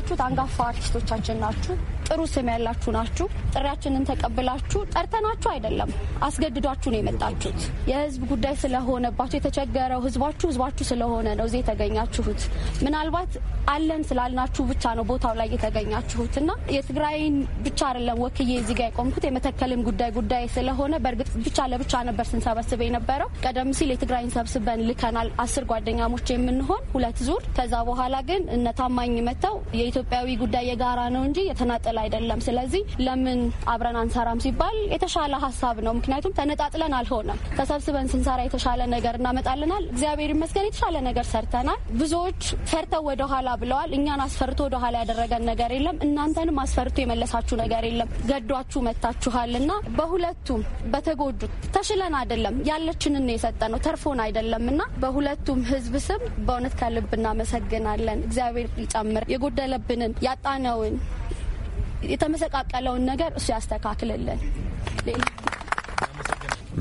የነበራችሁት አንጋፋ አርቲስቶቻችን ናችሁ። ጥሩ ስም ያላችሁ ናችሁ። ጥሪያችንን ተቀብላችሁ ጠርተናችሁ አይደለም፣ አስገድዷችሁ ነው የመጣችሁት። የህዝብ ጉዳይ ስለሆነባችሁ የተቸገረው ህዝባችሁ ህዝባችሁ ስለሆነ ነው እዚህ የተገኛችሁት። ምናልባት አለን ስላልናችሁ ብቻ ነው ቦታው ላይ የተገኛችሁት እና የትግራይን ብቻ አይደለም ወክዬ እዚህ ጋር የቆምኩት የመተከልም ጉዳይ ጉዳይ ስለሆነ በእርግጥ ብቻ ለብቻ ነበር ስንሰበስብ የነበረው። ቀደም ሲል የትግራይን ሰብስበን ልከናል፣ አስር ጓደኛሞች የምንሆን ሁለት ዙር። ከዛ በኋላ ግን እነ ታማኝ መጥተው ኢትዮጵያዊ ጉዳይ የጋራ ነው እንጂ የተናጠል አይደለም። ስለዚህ ለምን አብረን አንሰራም ሲባል የተሻለ ሀሳብ ነው። ምክንያቱም ተነጣጥለን አልሆነም። ተሰብስበን ስንሰራ የተሻለ ነገር እናመጣልናል። እግዚአብሔር ይመስገን የተሻለ ነገር ሰርተናል። ብዙዎች ፈርተው ወደኋላ ብለዋል። እኛን አስፈርቶ ወደኋላ ያደረገን ነገር የለም። እናንተንም አስፈርቶ የመለሳችሁ ነገር የለም። ገዷችሁ መታችኋል እና በሁለቱም በተጎዱት ተሽለን አይደለም ያለችንን ነው ተርፎን አይደለም እና በሁለቱም ህዝብ ስም በእውነት ከልብ እናመሰግናለን። እግዚአብሔር ይጨምር የጎደለ የቀረብንን ያጣነውን የተመሰቃቀለውን ነገር እሱ ያስተካክልልን።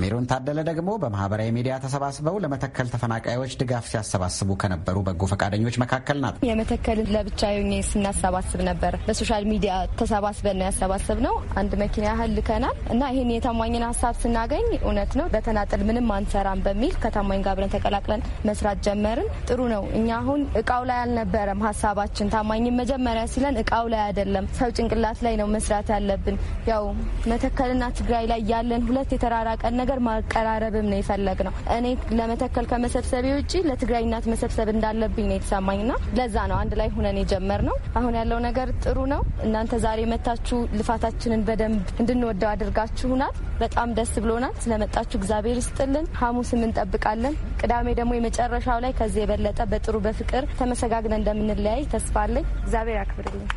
ሜሮን ታደለ ደግሞ በማህበራዊ ሚዲያ ተሰባስበው ለመተከል ተፈናቃዮች ድጋፍ ሲያሰባስቡ ከነበሩ በጎ ፈቃደኞች መካከል ናት። የመተከል ለብቻ ሆኜ ስናሰባስብ ነበር። በሶሻል ሚዲያ ተሰባስበን ነው ያሰባስብ ነው። አንድ መኪና ያህል ልከናል እና ይህን የታማኝን ሀሳብ ስናገኝ እውነት ነው በተናጠል ምንም አንሰራም በሚል ከታማኝ ጋር አብረን ተቀላቅለን መስራት ጀመርን። ጥሩ ነው። እኛ አሁን እቃው ላይ አልነበረም ሀሳባችን። ታማኝን መጀመሪያ ሲለን እቃው ላይ አይደለም ሰው ጭንቅላት ላይ ነው መስራት ያለብን። ያው መተከልና ትግራይ ላይ ያለን ሁለት የተራራቀን ነገር ማቀራረብም ነው የፈለግ ነው። እኔ ለመተከል ከመሰብሰቤ ውጭ ለትግራይ እናት መሰብሰብ እንዳለብኝ ነው የተሰማኝ ና ለዛ ነው አንድ ላይ ሁነን የጀመር ነው። አሁን ያለው ነገር ጥሩ ነው። እናንተ ዛሬ መታችሁ ልፋታችንን በደንብ እንድንወደው አድርጋችሁናል። በጣም ደስ ብሎናል ስለመጣችሁ እግዚአብሔር ይስጥልን። ሐሙስም እንጠብቃለን። ቅዳሜ ደግሞ የመጨረሻው ላይ ከዚህ የበለጠ በጥሩ በፍቅር ተመሰጋግነ እንደምንለያይ ተስፋ አለኝ። እግዚአብሔር ያክብርልን።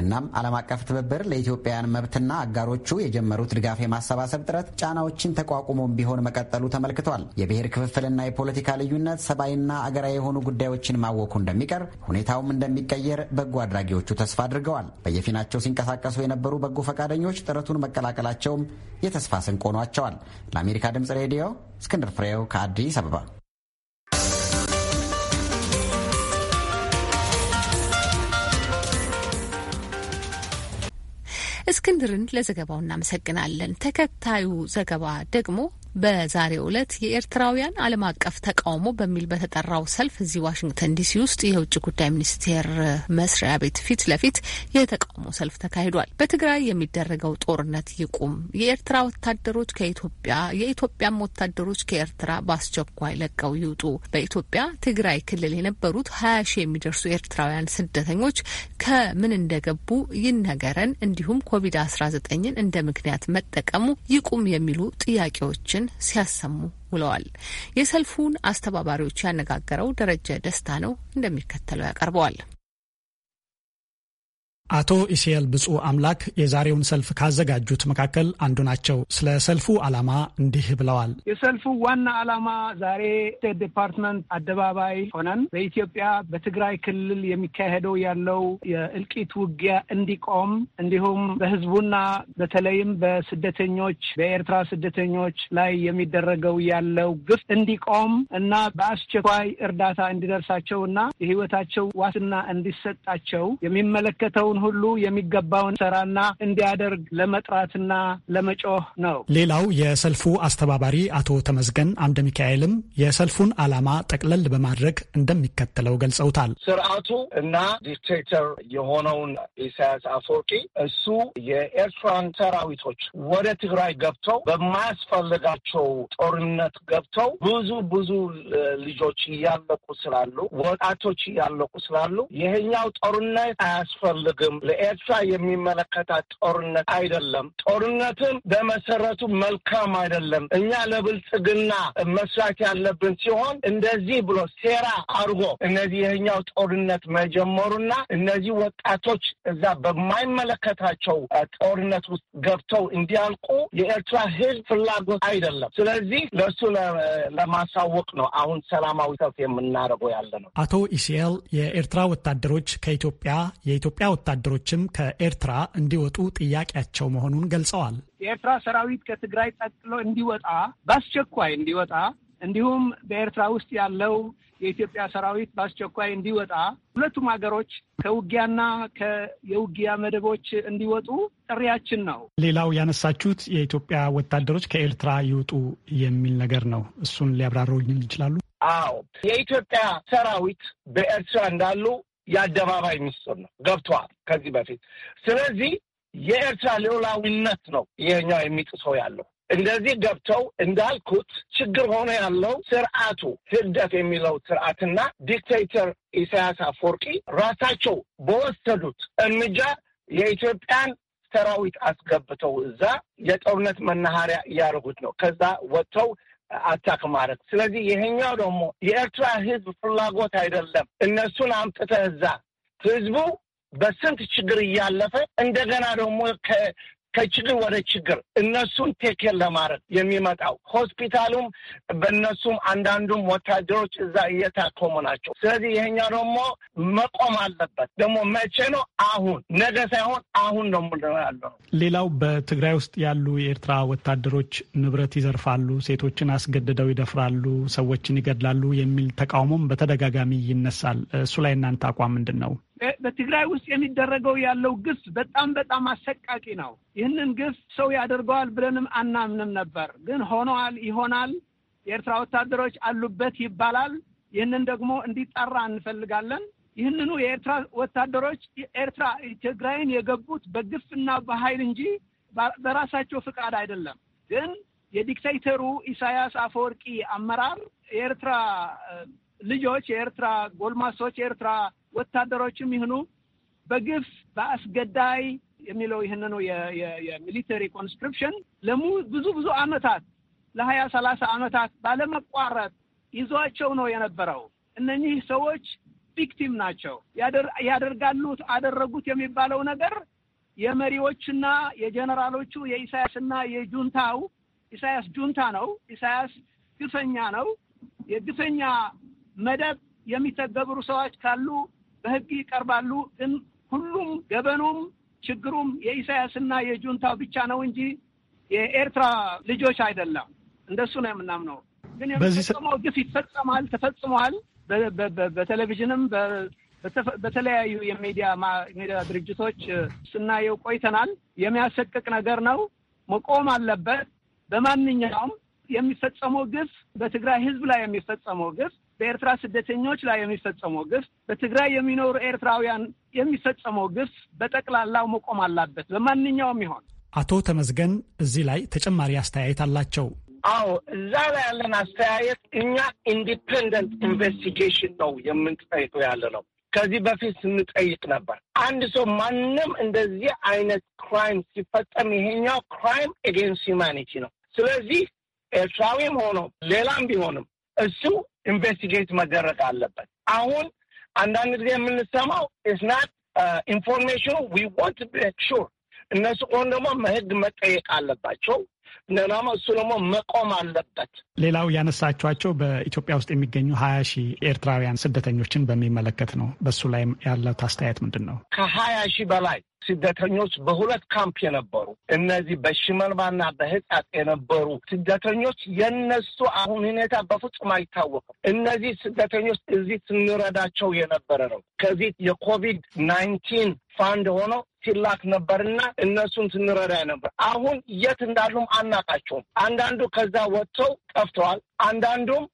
እናም ዓለም አቀፍ ትብብር ለኢትዮጵያውያን መብትና አጋሮቹ የጀመሩት ድጋፍ የማሰባሰብ ጥረት ጫናዎችን ተቋቁሞም ቢሆን መቀጠሉ ተመልክቷል። የብሔር ክፍፍልና የፖለቲካ ልዩነት ሰብአዊና አገራዊ የሆኑ ጉዳዮችን ማወኩ እንደሚቀር ሁኔታውም እንደሚቀየር በጎ አድራጊዎቹ ተስፋ አድርገዋል። በየፊናቸው ሲንቀሳቀሱ የነበሩ በጎ ፈቃደኞች ጥረቱን መቀላቀላቸውም የተስፋ ስንቅ ሆኗቸዋል። ለአሜሪካ ድምጽ ሬዲዮ እስክንድር ፍሬው ከአዲስ አበባ እስክንድርን ለዘገባው እናመሰግናለን። ተከታዩ ዘገባ ደግሞ በዛሬው ዕለት የኤርትራውያን ዓለም አቀፍ ተቃውሞ በሚል በተጠራው ሰልፍ እዚህ ዋሽንግተን ዲሲ ውስጥ የውጭ ጉዳይ ሚኒስቴር መስሪያ ቤት ፊት ለፊት የተቃውሞ ሰልፍ ተካሂዷል። በትግራይ የሚደረገው ጦርነት ይቁም፣ የኤርትራ ወታደሮች ከኢትዮጵያ የኢትዮጵያም ወታደሮች ከኤርትራ በአስቸኳይ ለቀው ይውጡ፣ በኢትዮጵያ ትግራይ ክልል የነበሩት ሀያ ሺህ የሚደርሱ ኤርትራውያን ስደተኞች ከምን እንደገቡ ይነገረን፣ እንዲሁም ኮቪድ አስራ ዘጠኝን እንደ ምክንያት መጠቀሙ ይቁም የሚሉ ጥያቄዎችን ድምጻቸውን ሲያሰሙ ውለዋል። የሰልፉን አስተባባሪዎች ያነጋገረው ደረጀ ደስታ ነው፣ እንደሚከተለው ያቀርበዋል። አቶ ኢሲኤል ብፁ አምላክ የዛሬውን ሰልፍ ካዘጋጁት መካከል አንዱ ናቸው። ስለ ሰልፉ ዓላማ እንዲህ ብለዋል። የሰልፉ ዋና ዓላማ ዛሬ ስቴት ዲፓርትመንት አደባባይ ሆነን በኢትዮጵያ በትግራይ ክልል የሚካሄደው ያለው የእልቂት ውጊያ እንዲቆም እንዲሁም በህዝቡና በተለይም በስደተኞች በኤርትራ ስደተኞች ላይ የሚደረገው ያለው ግፍ እንዲቆም እና በአስቸኳይ እርዳታ እንዲደርሳቸው እና የህይወታቸው ዋስና እንዲሰጣቸው የሚመለከተውን ሁሉ የሚገባውን ሰራና እንዲያደርግ ለመጥራትና ለመጮህ ነው። ሌላው የሰልፉ አስተባባሪ አቶ ተመዝገን አምደ ሚካኤልም የሰልፉን ዓላማ ጠቅለል በማድረግ እንደሚከተለው ገልጸውታል። ስርዓቱ እና ዲክቴተር የሆነውን ኢሳያስ አፈወርቂ እሱ የኤርትራን ሰራዊቶች ወደ ትግራይ ገብተው በማያስፈልጋቸው ጦርነት ገብተው ብዙ ብዙ ልጆች እያለቁ ስላሉ፣ ወጣቶች እያለቁ ስላሉ ይሄኛው ጦርነት አያስፈልግም አይደለም። ለኤርትራ የሚመለከታት ጦርነት አይደለም። ጦርነትን በመሰረቱ መልካም አይደለም። እኛ ለብልጽግና መስራት ያለብን ሲሆን እንደዚህ ብሎ ሴራ አድርጎ እነዚህ ይህኛው ጦርነት መጀመሩና እነዚህ ወጣቶች እዛ በማይመለከታቸው ጦርነት ውስጥ ገብተው እንዲያልቁ የኤርትራ ሕዝብ ፍላጎት አይደለም። ስለዚህ ለእሱ ለማሳወቅ ነው አሁን ሰላማዊ ሰልፍ የምናደርገው ያለ ነው። አቶ ኢሲኤል የኤርትራ ወታደሮች ከኢትዮጵያ የኢትዮጵያ ወታደ ወታደሮችም ከኤርትራ እንዲወጡ ጥያቄያቸው መሆኑን ገልጸዋል። የኤርትራ ሰራዊት ከትግራይ ጠቅሎ እንዲወጣ በአስቸኳይ እንዲወጣ እንዲሁም በኤርትራ ውስጥ ያለው የኢትዮጵያ ሰራዊት በአስቸኳይ እንዲወጣ ሁለቱም ሀገሮች ከውጊያና የውጊያ መደቦች እንዲወጡ ጥሪያችን ነው። ሌላው ያነሳችሁት የኢትዮጵያ ወታደሮች ከኤርትራ ይውጡ የሚል ነገር ነው። እሱን ሊያብራሩልን ይችላሉ? አዎ፣ የኢትዮጵያ ሰራዊት በኤርትራ እንዳሉ የአደባባይ ምስጢር ነው፣ ገብቷል ከዚህ በፊት። ስለዚህ የኤርትራ ሌላዊነት ነው ይሄኛው የሚጥሰው ያለው እንደዚህ ገብተው እንዳልኩት ችግር ሆነ ያለው ስርዓቱ ህደት የሚለው ስርዓትና ዲክቴተር ኢሳያስ አፈወርቂ ራሳቸው በወሰዱት እርምጃ የኢትዮጵያን ሰራዊት አስገብተው እዛ የጦርነት መናኸሪያ እያደረጉት ነው። ከዛ ወጥተው አታክ ማድረግ። ስለዚህ ይሄኛው ደግሞ የኤርትራ ህዝብ ፍላጎት አይደለም። እነሱን አምጥተህ እዛ ህዝቡ በስንት ችግር እያለፈ እንደገና ደግሞ ከችግር ወደ ችግር እነሱን ቴኬር ለማድረግ የሚመጣው ሆስፒታሉም በእነሱም አንዳንዱም ወታደሮች እዛ እየታከሙ ናቸው። ስለዚህ ይሄኛው ደግሞ መቆም አለበት። ደግሞ መቼ ነው? አሁን ነገ ሳይሆን አሁን ነው ሌላው በትግራይ ውስጥ ያሉ የኤርትራ ወታደሮች ንብረት ይዘርፋሉ፣ ሴቶችን አስገድደው ይደፍራሉ፣ ሰዎችን ይገድላሉ የሚል ተቃውሞም በተደጋጋሚ ይነሳል። እሱ ላይ እናንተ አቋም ምንድን ነው? በትግራይ ውስጥ የሚደረገው ያለው ግፍ በጣም በጣም አሰቃቂ ነው። ይህንን ግፍ ሰው ያደርገዋል ብለንም አናምንም ነበር፣ ግን ሆኗል ይሆናል። የኤርትራ ወታደሮች አሉበት ይባላል። ይህንን ደግሞ እንዲጠራ እንፈልጋለን። ይህንኑ የኤርትራ ወታደሮች ኤርትራ ትግራይን የገቡት በግፍና በኃይል እንጂ በራሳቸው ፍቃድ አይደለም። ግን የዲክቴተሩ ኢሳያስ አፈወርቂ አመራር የኤርትራ ልጆች፣ የኤርትራ ጎልማሶች፣ የኤርትራ ወታደሮችም ይህኑ በግፍ በአስገዳይ የሚለው ይህንኑ የሚሊተሪ ኮንስክሪፕሽን ለሙ ብዙ ብዙ አመታት ለሀያ ሰላሳ አመታት ባለመቋረጥ ይዟቸው ነው የነበረው። እነኚህ ሰዎች ቪክቲም ናቸው። ያደርጋሉት አደረጉት የሚባለው ነገር የመሪዎችና የጀነራሎቹ የኢሳያስና የጁንታው ኢሳያስ ጁንታ ነው። ኢሳያስ ግፈኛ ነው። የግፈኛ መደብ የሚተገብሩ ሰዎች ካሉ በህግ ይቀርባሉ። ግን ሁሉም ገበኑም ችግሩም የኢሳያስና የጁንታው ብቻ ነው እንጂ የኤርትራ ልጆች አይደለም። እንደሱ ነው የምናምነው። ግን የሚፈጸመው ግፍ ይፈጸማል፣ ተፈጽሟል። በቴሌቪዥንም በተለያዩ የሚዲያ ሚዲያ ድርጅቶች ስናየው ቆይተናል። የሚያሰቅቅ ነገር ነው፣ መቆም አለበት። በማንኛውም የሚፈጸመው ግፍ በትግራይ ህዝብ ላይ የሚፈጸመው ግፍ በኤርትራ ስደተኞች ላይ የሚፈጸመው ግፍ፣ በትግራይ የሚኖሩ ኤርትራውያን የሚፈጸመው ግፍ በጠቅላላው መቆም አለበት በማንኛውም ይሆን። አቶ ተመዝገን እዚህ ላይ ተጨማሪ አስተያየት አላቸው። አዎ እዛ ላይ ያለን አስተያየት እኛ ኢንዲፔንደንት ኢንቨስቲጌሽን ነው የምንጠይቀው ያለ ነው። ከዚህ በፊት ስንጠይቅ ነበር። አንድ ሰው ማንም እንደዚህ አይነት ክራይም ሲፈጸም ይሄኛው ክራይም ኤጌንስት ሂውማኒቲ ነው። ስለዚህ ኤርትራዊም ሆኖ ሌላም ቢሆንም እሱ ኢንቨስቲጌት መደረግ አለበት። አሁን አንዳንድ ጊዜ የምንሰማው ኢስናት ኢንፎርሜሽኑ ዊ ወንት ሹር እነሱ ከሆን ደግሞ ህግ መጠየቅ አለባቸው። ነናማ እሱ ደግሞ መቆም አለበት። ሌላው ያነሳችኋቸው በኢትዮጵያ ውስጥ የሚገኙ ሀያ ሺህ ኤርትራውያን ስደተኞችን በሚመለከት ነው። በሱ ላይ ያለት አስተያየት ምንድን ነው? ከሀያ ሺህ በላይ ስደተኞች በሁለት ካምፕ የነበሩ እነዚህ በሽመልባና በህጻት የነበሩ ስደተኞች የነሱ አሁን ሁኔታ በፍጹም አይታወቅም። እነዚህ ስደተኞች እዚህ ስንረዳቸው የነበረ ነው። ከዚህ የኮቪድ ናይንቲን ፋንድ ሆነው ሲላክ ነበርና እነሱን ስንረዳ ነበር። አሁን የት እንዳሉም አናቃቸውም። አንዳንዱ ከዛ ወጥተው ጠፍተዋል። አንዳንዱም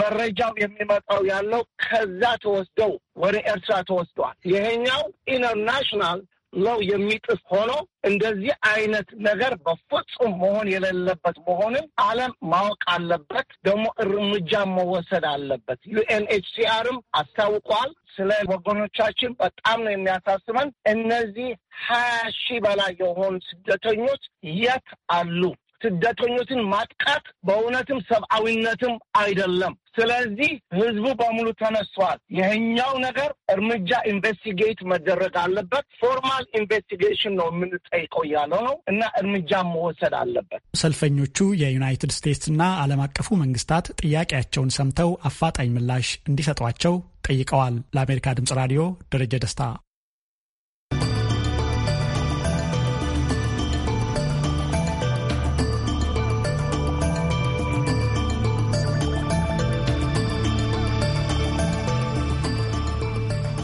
መረጃው የሚመጣው ያለው ከዛ ተወስደው ወደ ኤርትራ ተወስደዋል። ይሄኛው ኢንተርናሽናል ነው የሚጥስ ሆኖ እንደዚህ አይነት ነገር በፍጹም መሆን የሌለበት መሆንን ዓለም ማወቅ አለበት። ደግሞ እርምጃ መወሰድ አለበት። ዩኤንኤችሲአርም አስታውቋል። ስለ ወገኖቻችን በጣም ነው የሚያሳስበን። እነዚህ ሀያ ሺህ በላይ የሆኑ ስደተኞች የት አሉ? ስደተኞችን ማጥቃት በእውነትም ሰብአዊነትም አይደለም። ስለዚህ ህዝቡ በሙሉ ተነስቷል። ይህኛው ነገር እርምጃ ኢንቨስቲጌት መደረግ አለበት። ፎርማል ኢንቨስቲጌሽን ነው የምንጠይቀው ያለው ነው እና እርምጃ መወሰድ አለበት። ሰልፈኞቹ የዩናይትድ እና ዓለም አቀፉ መንግስታት ጥያቄያቸውን ሰምተው አፋጣኝ ምላሽ እንዲሰጧቸው ጠይቀዋል። ለአሜሪካ ድምጽ ራዲዮ ደረጀ ደስታ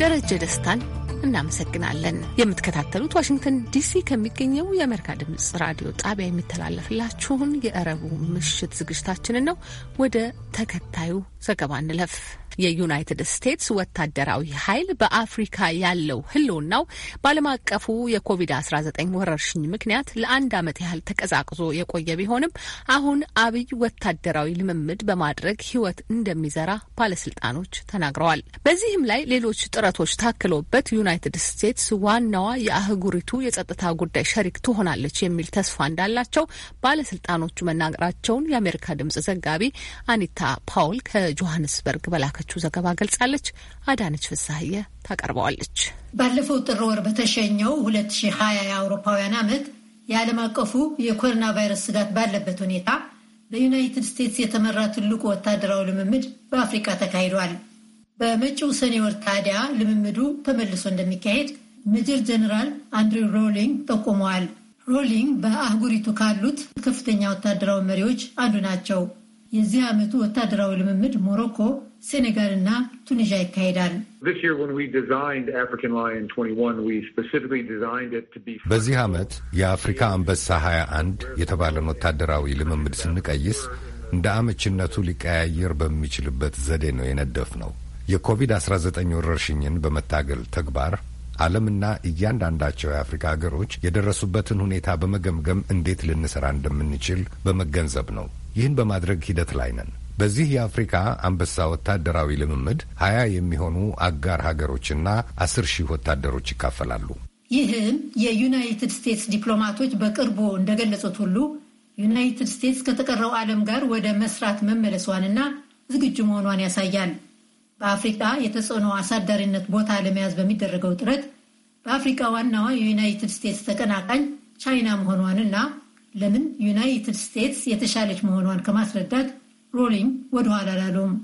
ደረጀ ደስታን እናመሰግናለን። የምትከታተሉት ዋሽንግተን ዲሲ ከሚገኘው የአሜሪካ ድምጽ ራዲዮ ጣቢያ የሚተላለፍላችሁን የእረቡ ምሽት ዝግጅታችንን ነው። ወደ ተከታዩ ዘገባ እንለፍ። የዩናይትድ ስቴትስ ወታደራዊ ኃይል በአፍሪካ ያለው ህልውናው በዓለም አቀፉ የኮቪድ-19 ወረርሽኝ ምክንያት ለአንድ ዓመት ያህል ተቀዛቅዞ የቆየ ቢሆንም አሁን አብይ ወታደራዊ ልምምድ በማድረግ ህይወት እንደሚዘራ ባለስልጣኖች ተናግረዋል። በዚህም ላይ ሌሎች ጥረቶች ታክሎበት ዩናይትድ ስቴትስ ዋናዋ የአህጉሪቱ የጸጥታ ጉዳይ ሸሪክ ትሆናለች የሚል ተስፋ እንዳላቸው ባለስልጣኖቹ መናገራቸውን የአሜሪካ ድምጽ ዘጋቢ አኒታ ፓውል ከጆሀንስበርግ በላከች በላከችው ዘገባ ገልጻለች። አዳነች ፍሳህየ ታቀርበዋለች። ባለፈው ጥር ወር በተሸኘው 2020 የአውሮፓውያን ዓመት የዓለም አቀፉ የኮሮና ቫይረስ ስጋት ባለበት ሁኔታ በዩናይትድ ስቴትስ የተመራ ትልቁ ወታደራዊ ልምምድ በአፍሪካ ተካሂዷል። በመጪው ሰኔ ወር ታዲያ ልምምዱ ተመልሶ እንደሚካሄድ ሜጀር ጀነራል አንድሪው ሮሊንግ ጠቁመዋል። ሮሊንግ በአህጉሪቱ ካሉት ከፍተኛ ወታደራዊ መሪዎች አንዱ ናቸው። የዚህ ዓመቱ ወታደራዊ ልምምድ ሞሮኮ፣ ሴኔጋል እና ቱኒዣ ይካሄዳል። በዚህ ዓመት የአፍሪካ አንበሳ 21 የተባለን ወታደራዊ ልምምድ ስንቀይስ እንደ አመችነቱ ሊቀያየር በሚችልበት ዘዴ ነው የነደፍ ነው። የኮቪድ-19 ወረርሽኝን በመታገል ተግባር ዓለምና እያንዳንዳቸው የአፍሪካ ሀገሮች የደረሱበትን ሁኔታ በመገምገም እንዴት ልንሰራ እንደምንችል በመገንዘብ ነው። ይህን በማድረግ ሂደት ላይ ነን። በዚህ የአፍሪካ አንበሳ ወታደራዊ ልምምድ ሀያ የሚሆኑ አጋር ሀገሮችና አስር ሺህ ወታደሮች ይካፈላሉ። ይህም የዩናይትድ ስቴትስ ዲፕሎማቶች በቅርቡ እንደገለጹት ሁሉ ዩናይትድ ስቴትስ ከተቀረው ዓለም ጋር ወደ መስራት መመለሷንና ዝግጁ መሆኗን ያሳያል። በአፍሪቃ የተጽዕኖ አሳዳሪነት ቦታ ለመያዝ በሚደረገው ጥረት በአፍሪካ ዋናዋ የዩናይትድ ስቴትስ ተቀናቃኝ ቻይና መሆኗንና ለምን ዩናይትድ ስቴትስ የተሻለች መሆኗን ከማስረዳት ሮሊንግ ወደኋላ አላሉም።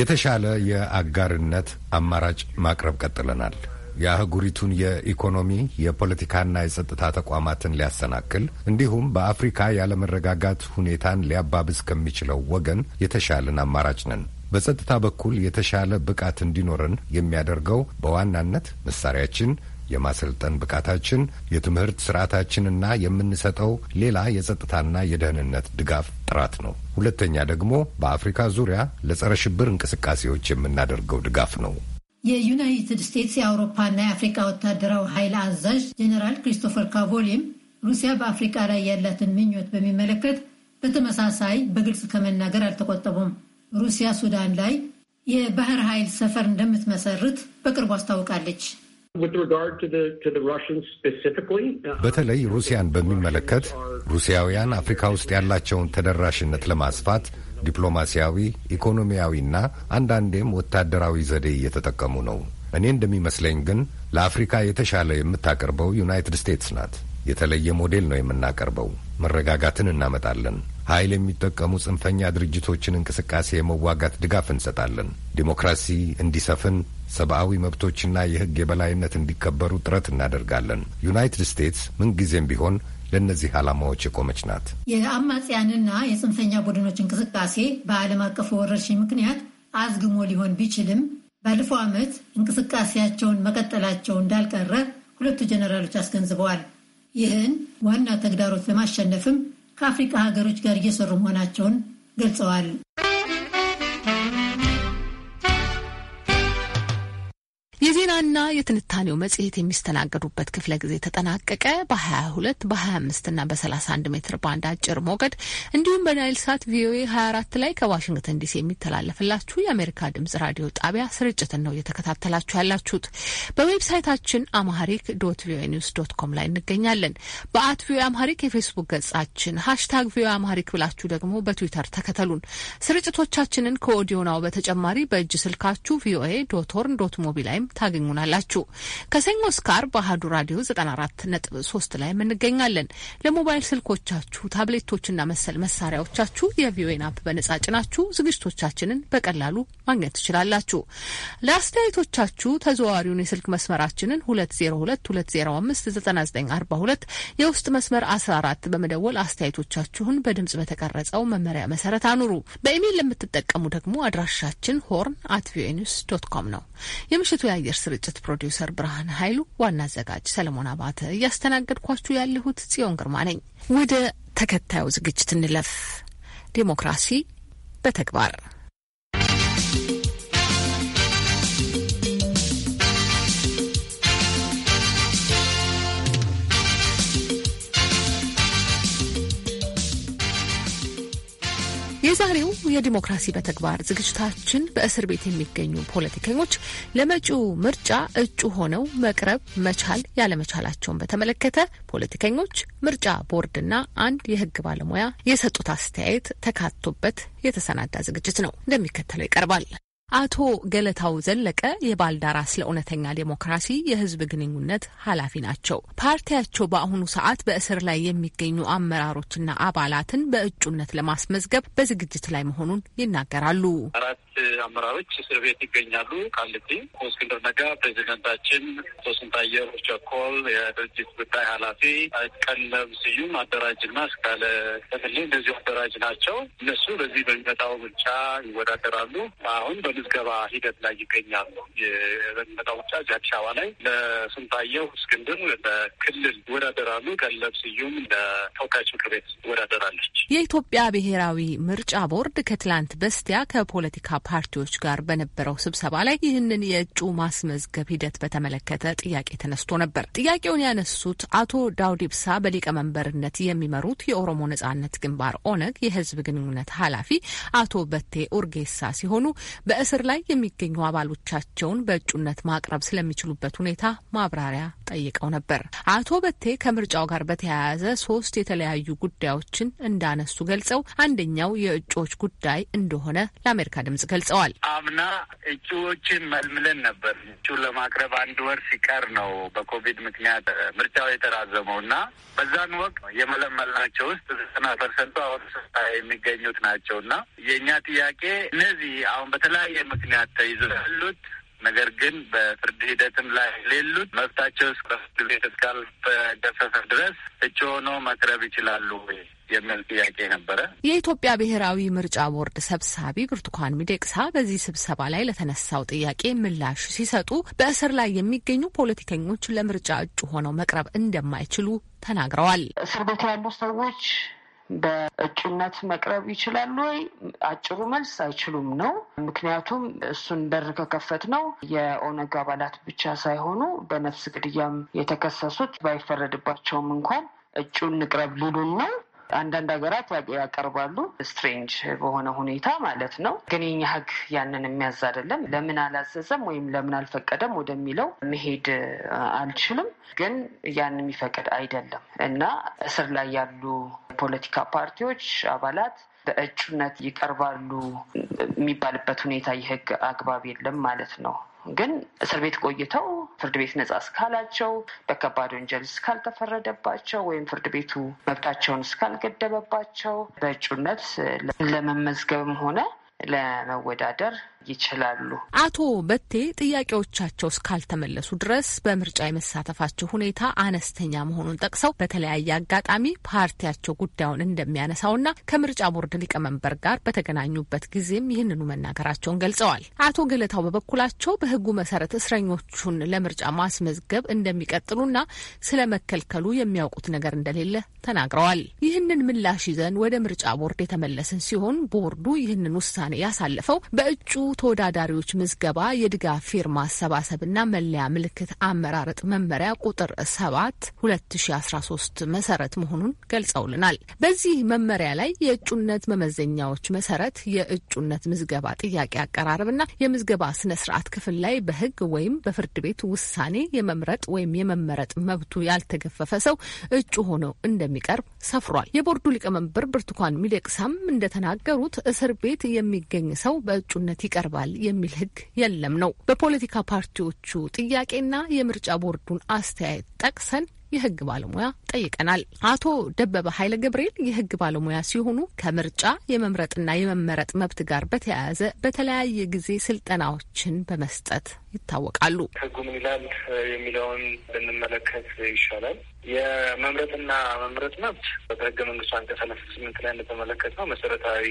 የተሻለ የአጋርነት አማራጭ ማቅረብ ቀጥለናል። የአህጉሪቱን የኢኮኖሚ የፖለቲካና የጸጥታ ተቋማትን ሊያሰናክል እንዲሁም በአፍሪካ ያለመረጋጋት ሁኔታን ሊያባብስ ከሚችለው ወገን የተሻልን አማራጭ ነን። በጸጥታ በኩል የተሻለ ብቃት እንዲኖረን የሚያደርገው በዋናነት መሳሪያችን የማሰልጠን ብቃታችን፣ የትምህርት ስርዓታችንና የምንሰጠው ሌላ የጸጥታና የደህንነት ድጋፍ ጥራት ነው። ሁለተኛ ደግሞ በአፍሪካ ዙሪያ ለጸረ ሽብር እንቅስቃሴዎች የምናደርገው ድጋፍ ነው። የዩናይትድ ስቴትስ የአውሮፓና የአፍሪካ ወታደራዊ ኃይል አዛዥ ጀኔራል ክሪስቶፈር ካቮሊም ሩሲያ በአፍሪካ ላይ ያላትን ምኞት በሚመለከት በተመሳሳይ በግልጽ ከመናገር አልተቆጠቡም። ሩሲያ ሱዳን ላይ የባህር ኃይል ሰፈር እንደምትመሰርት በቅርቡ አስታውቃለች። uh, በተለይ ሩሲያን በሚመለከት ሩሲያውያን አፍሪካ ውስጥ ያላቸውን ተደራሽነት ለማስፋት ዲፕሎማሲያዊ፣ ኢኮኖሚያዊና አንዳንዴም ወታደራዊ ዘዴ እየተጠቀሙ ነው። እኔ እንደሚመስለኝ ግን ለአፍሪካ የተሻለ የምታቀርበው ዩናይትድ ስቴትስ ናት። የተለየ ሞዴል ነው የምናቀርበው። መረጋጋትን እናመጣለን። ኃይል የሚጠቀሙ ጽንፈኛ ድርጅቶችን እንቅስቃሴ የመዋጋት ድጋፍ እንሰጣለን። ዲሞክራሲ እንዲሰፍን፣ ሰብአዊ መብቶችና የሕግ የበላይነት እንዲከበሩ ጥረት እናደርጋለን። ዩናይትድ ስቴትስ ምንጊዜም ቢሆን ለእነዚህ ዓላማዎች የቆመች ናት። የአማጽያንና የጽንፈኛ ቡድኖች እንቅስቃሴ በዓለም አቀፍ ወረርሽኝ ምክንያት አዝግሞ ሊሆን ቢችልም ባለፈው ዓመት እንቅስቃሴያቸውን መቀጠላቸው እንዳልቀረ ሁለቱ ጀነራሎች አስገንዝበዋል። ይህን ዋና ተግዳሮት ለማሸነፍም ከአፍሪቃ ሀገሮች ጋር እየሰሩ መሆናቸውን ገልጸዋል። የዜናና የትንታኔው መጽሔት የሚስተናገዱበት ክፍለ ጊዜ ተጠናቀቀ። በ22 25 እና በ31 ሜትር ባንድ አጭር ሞገድ እንዲሁም በናይል ሳት ቪኦኤ 24 ላይ ከዋሽንግተን ዲሲ የሚተላለፍላችሁ የአሜሪካ ድምጽ ራዲዮ ጣቢያ ስርጭትን ነው እየተከታተላችሁ ያላችሁት። በዌብሳይታችን አማሪክ ዶት ቪኦኤ ኒውስ ዶት ኮም ላይ እንገኛለን። በአት ቪኦኤ አማሪክ የፌስቡክ ገጻችን ሃሽታግ ቪኦኤ አማሪክ ብላችሁ ደግሞ በትዊተር ተከተሉን። ስርጭቶቻችንን ከኦዲዮናው በተጨማሪ በእጅ ስልካችሁ ቪኦኤ ዶት ሆርን ዶት ሞቢ ላይም ታገኙናላችሁ። ከሰኞ እስከ አርብ አሀዱ ራዲዮ 94.3 ላይ እንገኛለን። ለሞባይል ስልኮቻችሁ ታብሌቶችና መሰል መሳሪያዎቻችሁ የቪኦኤን አፕ በነጻ ጭናችሁ ዝግጅቶቻችንን በቀላሉ ማግኘት ትችላላችሁ። ለአስተያየቶቻችሁ ተዘዋዋሪውን የስልክ መስመራችንን 2022059942 የውስጥ መስመር 14 በመደወል አስተያየቶቻችሁን በድምጽ በተቀረጸው መመሪያ መሰረት አኑሩ። በኢሜይል ለምትጠቀሙ ደግሞ አድራሻችን ሆርን አት ቪኦኤ ኒውስ ዶት ኮም ነው። የምሽቱ የአየር ስርጭት ፕሮዲውሰር ብርሃን ኃይሉ፣ ዋና አዘጋጅ ሰለሞን አባተ፣ እያስተናገድኳችሁ ያለሁት ጽዮን ግርማ ነኝ። ወደ ተከታዩ ዝግጅት እንለፍ። ዴሞክራሲ በተግባር የዛሬው የዲሞክራሲ በተግባር ዝግጅታችን በእስር ቤት የሚገኙ ፖለቲከኞች ለመጪው ምርጫ እጩ ሆነው መቅረብ መቻል ያለመቻላቸውን በተመለከተ ፖለቲከኞች፣ ምርጫ ቦርድና አንድ የሕግ ባለሙያ የሰጡት አስተያየት ተካቶበት የተሰናዳ ዝግጅት ነው። እንደሚከተለው ይቀርባል። አቶ ገለታው ዘለቀ የባልደራስ ለእውነተኛ ዴሞክራሲ የህዝብ ግንኙነት ኃላፊ ናቸው። ፓርቲያቸው በአሁኑ ሰዓት በእስር ላይ የሚገኙ አመራሮችና አባላትን በእጩነት ለማስመዝገብ በዝግጅት ላይ መሆኑን ይናገራሉ። አራት Eh, አመራሮች እስር ቤት ይገኛሉ። ቃሊቲ እስክንድር ነጋ ፕሬዚደንታችን፣ አቶ ቸኮል የድርጅት ጉዳይ ኃላፊ፣ ቀለብ ስዩም አደራጅና እስካለ ተፈሌ እንደዚሁ አደራጅ ናቸው። እነሱ በዚህ በሚመጣው ምርጫ ይወዳደራሉ። አሁን በምዝገባ ሂደት ላይ ይገኛሉ። በሚመጣው ምርጫ እዚህ አዲስ አበባ ላይ ለስንታየሁ እስክንድር ለክልል ይወዳደራሉ። ቀለብ ስዩም ለተወካዮች ምክር ቤት ይወዳደራለች። የኢትዮጵያ ብሔራዊ ምርጫ ቦርድ ከትላንት በስቲያ ከፖለቲካ ፓርቲዎች ጋር በነበረው ስብሰባ ላይ ይህንን የእጩ ማስመዝገብ ሂደት በተመለከተ ጥያቄ ተነስቶ ነበር። ጥያቄውን ያነሱት አቶ ዳውድ ኢብሳ በሊቀመንበርነት የሚመሩት የኦሮሞ ነጻነት ግንባር ኦነግ የህዝብ ግንኙነት ኃላፊ አቶ በቴ ኡርጌሳ ሲሆኑ በእስር ላይ የሚገኙ አባሎቻቸውን በእጩነት ማቅረብ ስለሚችሉበት ሁኔታ ማብራሪያ ጠይቀው ነበር። አቶ በቴ ከምርጫው ጋር በተያያዘ ሶስት የተለያዩ ጉዳዮችን እንዳነሱ ገልጸው አንደኛው የእጩዎች ጉዳይ እንደሆነ ለአሜሪካ ድምጽ ገልጸዋል። አምና እጩዎችን መልምለን ነበር። እጩ ለማቅረብ አንድ ወር ሲቀር ነው በኮቪድ ምክንያት ምርጫው የተራዘመው እና በዛን ወቅት የመለመልናቸው ውስጥ ዘጠና ፐርሰንቱ አሁን ስልጣ የሚገኙት ናቸው እና የእኛ ጥያቄ እነዚህ አሁን በተለያየ ምክንያት ተይዞ ያሉት ነገር ግን በፍርድ ሂደትም ላይ ሌሉት መብታቸው እስከ ፍርድ ቤት እስካልተገፈፈ ድረስ እጩ ሆኖ መቅረብ ይችላሉ ወይ? የሚል ጥያቄ ነበረ። የኢትዮጵያ ብሔራዊ ምርጫ ቦርድ ሰብሳቢ ብርቱካን ሚደቅሳ በዚህ ስብሰባ ላይ ለተነሳው ጥያቄ ምላሽ ሲሰጡ በእስር ላይ የሚገኙ ፖለቲከኞች ለምርጫ እጩ ሆነው መቅረብ እንደማይችሉ ተናግረዋል። እስር ቤት ያሉ ሰዎች በእጩነት መቅረብ ይችላሉ ወይ? አጭሩ መልስ አይችሉም ነው። ምክንያቱም እሱን በር ከከፈት ነው የኦነግ አባላት ብቻ ሳይሆኑ በነፍስ ግድያም የተከሰሱት ባይፈረድባቸውም እንኳን እጩን ንቅረብ ልሉን ነው አንዳንድ ሀገራት ያቀርባሉ ስትሬንጅ በሆነ ሁኔታ ማለት ነው። ግን የኛ ህግ ያንን የሚያዝ አይደለም። ለምን አላዘዘም ወይም ለምን አልፈቀደም ወደሚለው መሄድ አልችልም። ግን ያን የሚፈቅድ አይደለም እና እስር ላይ ያሉ ፖለቲካ ፓርቲዎች አባላት በእጩነት ይቀርባሉ የሚባልበት ሁኔታ የህግ አግባብ የለም ማለት ነው። ግን እስር ቤት ቆይተው ፍርድ ቤት ነጻ እስካላቸው በከባድ ወንጀል እስካልተፈረደባቸው ወይም ፍርድ ቤቱ መብታቸውን እስካልገደበባቸው በእጩነት ለመመዝገብም ሆነ ለመወዳደር ይችላሉ። አቶ በቴ ጥያቄዎቻቸው እስካልተመለሱ ድረስ በምርጫ የመሳተፋቸው ሁኔታ አነስተኛ መሆኑን ጠቅሰው በተለያየ አጋጣሚ ፓርቲያቸው ጉዳዩን እንደሚያነሳውና ከምርጫ ቦርድ ሊቀመንበር ጋር በተገናኙበት ጊዜም ይህንኑ መናገራቸውን ገልጸዋል። አቶ ገለታው በበኩላቸው በሕጉ መሰረት እስረኞቹን ለምርጫ ማስመዝገብ እንደሚቀጥሉና ስለ መከልከሉ የሚያውቁት ነገር እንደሌለ ተናግረዋል። ይህንን ምላሽ ይዘን ወደ ምርጫ ቦርድ የተመለስን ሲሆን ቦርዱ ይህንን ውሳኔ ያሳለፈው በእጩ ተወዳዳሪዎች ምዝገባ የድጋፍ ፊርማ አሰባሰብና መለያ ምልክት አመራረጥ መመሪያ ቁጥር ሰባት ሁለት ሺ አስራ ሶስት መሰረት መሆኑን ገልጸውልናል። በዚህ መመሪያ ላይ የእጩነት መመዘኛዎች መሰረት የእጩነት ምዝገባ ጥያቄ አቀራረብና የምዝገባ ስነ ስርዓት ክፍል ላይ በህግ ወይም በፍርድ ቤት ውሳኔ የመምረጥ ወይም የመመረጥ መብቱ ያልተገፈፈ ሰው እጩ ሆኖ እንደሚቀርብ ሰፍሯል። የቦርዱ ሊቀመንበር ብርቱካን ሚደቅሳም እንደተናገሩት እስር ቤት የሚገኝ ሰው በእጩነት ይቀር ይቀርባል የሚል ህግ የለም ነው በፖለቲካ ፓርቲዎቹ ጥያቄና የምርጫ ቦርዱን አስተያየት ጠቅሰን የህግ ባለሙያ ጠይቀናል። አቶ ደበበ ኃይለ ገብርኤል የህግ ባለሙያ ሲሆኑ ከምርጫ የመምረጥና የመመረጥ መብት ጋር በተያያዘ በተለያየ ጊዜ ስልጠናዎችን በመስጠት ይታወቃሉ። ህጉ ምን ይላል የሚለውን ብንመለከት ይሻላል። የመምረጥና መምረጥ መብት በህገ መንግስቱ አንቀጽ ሰላሳ ስምንት ላይ እንደተመለከት ነው መሰረታዊ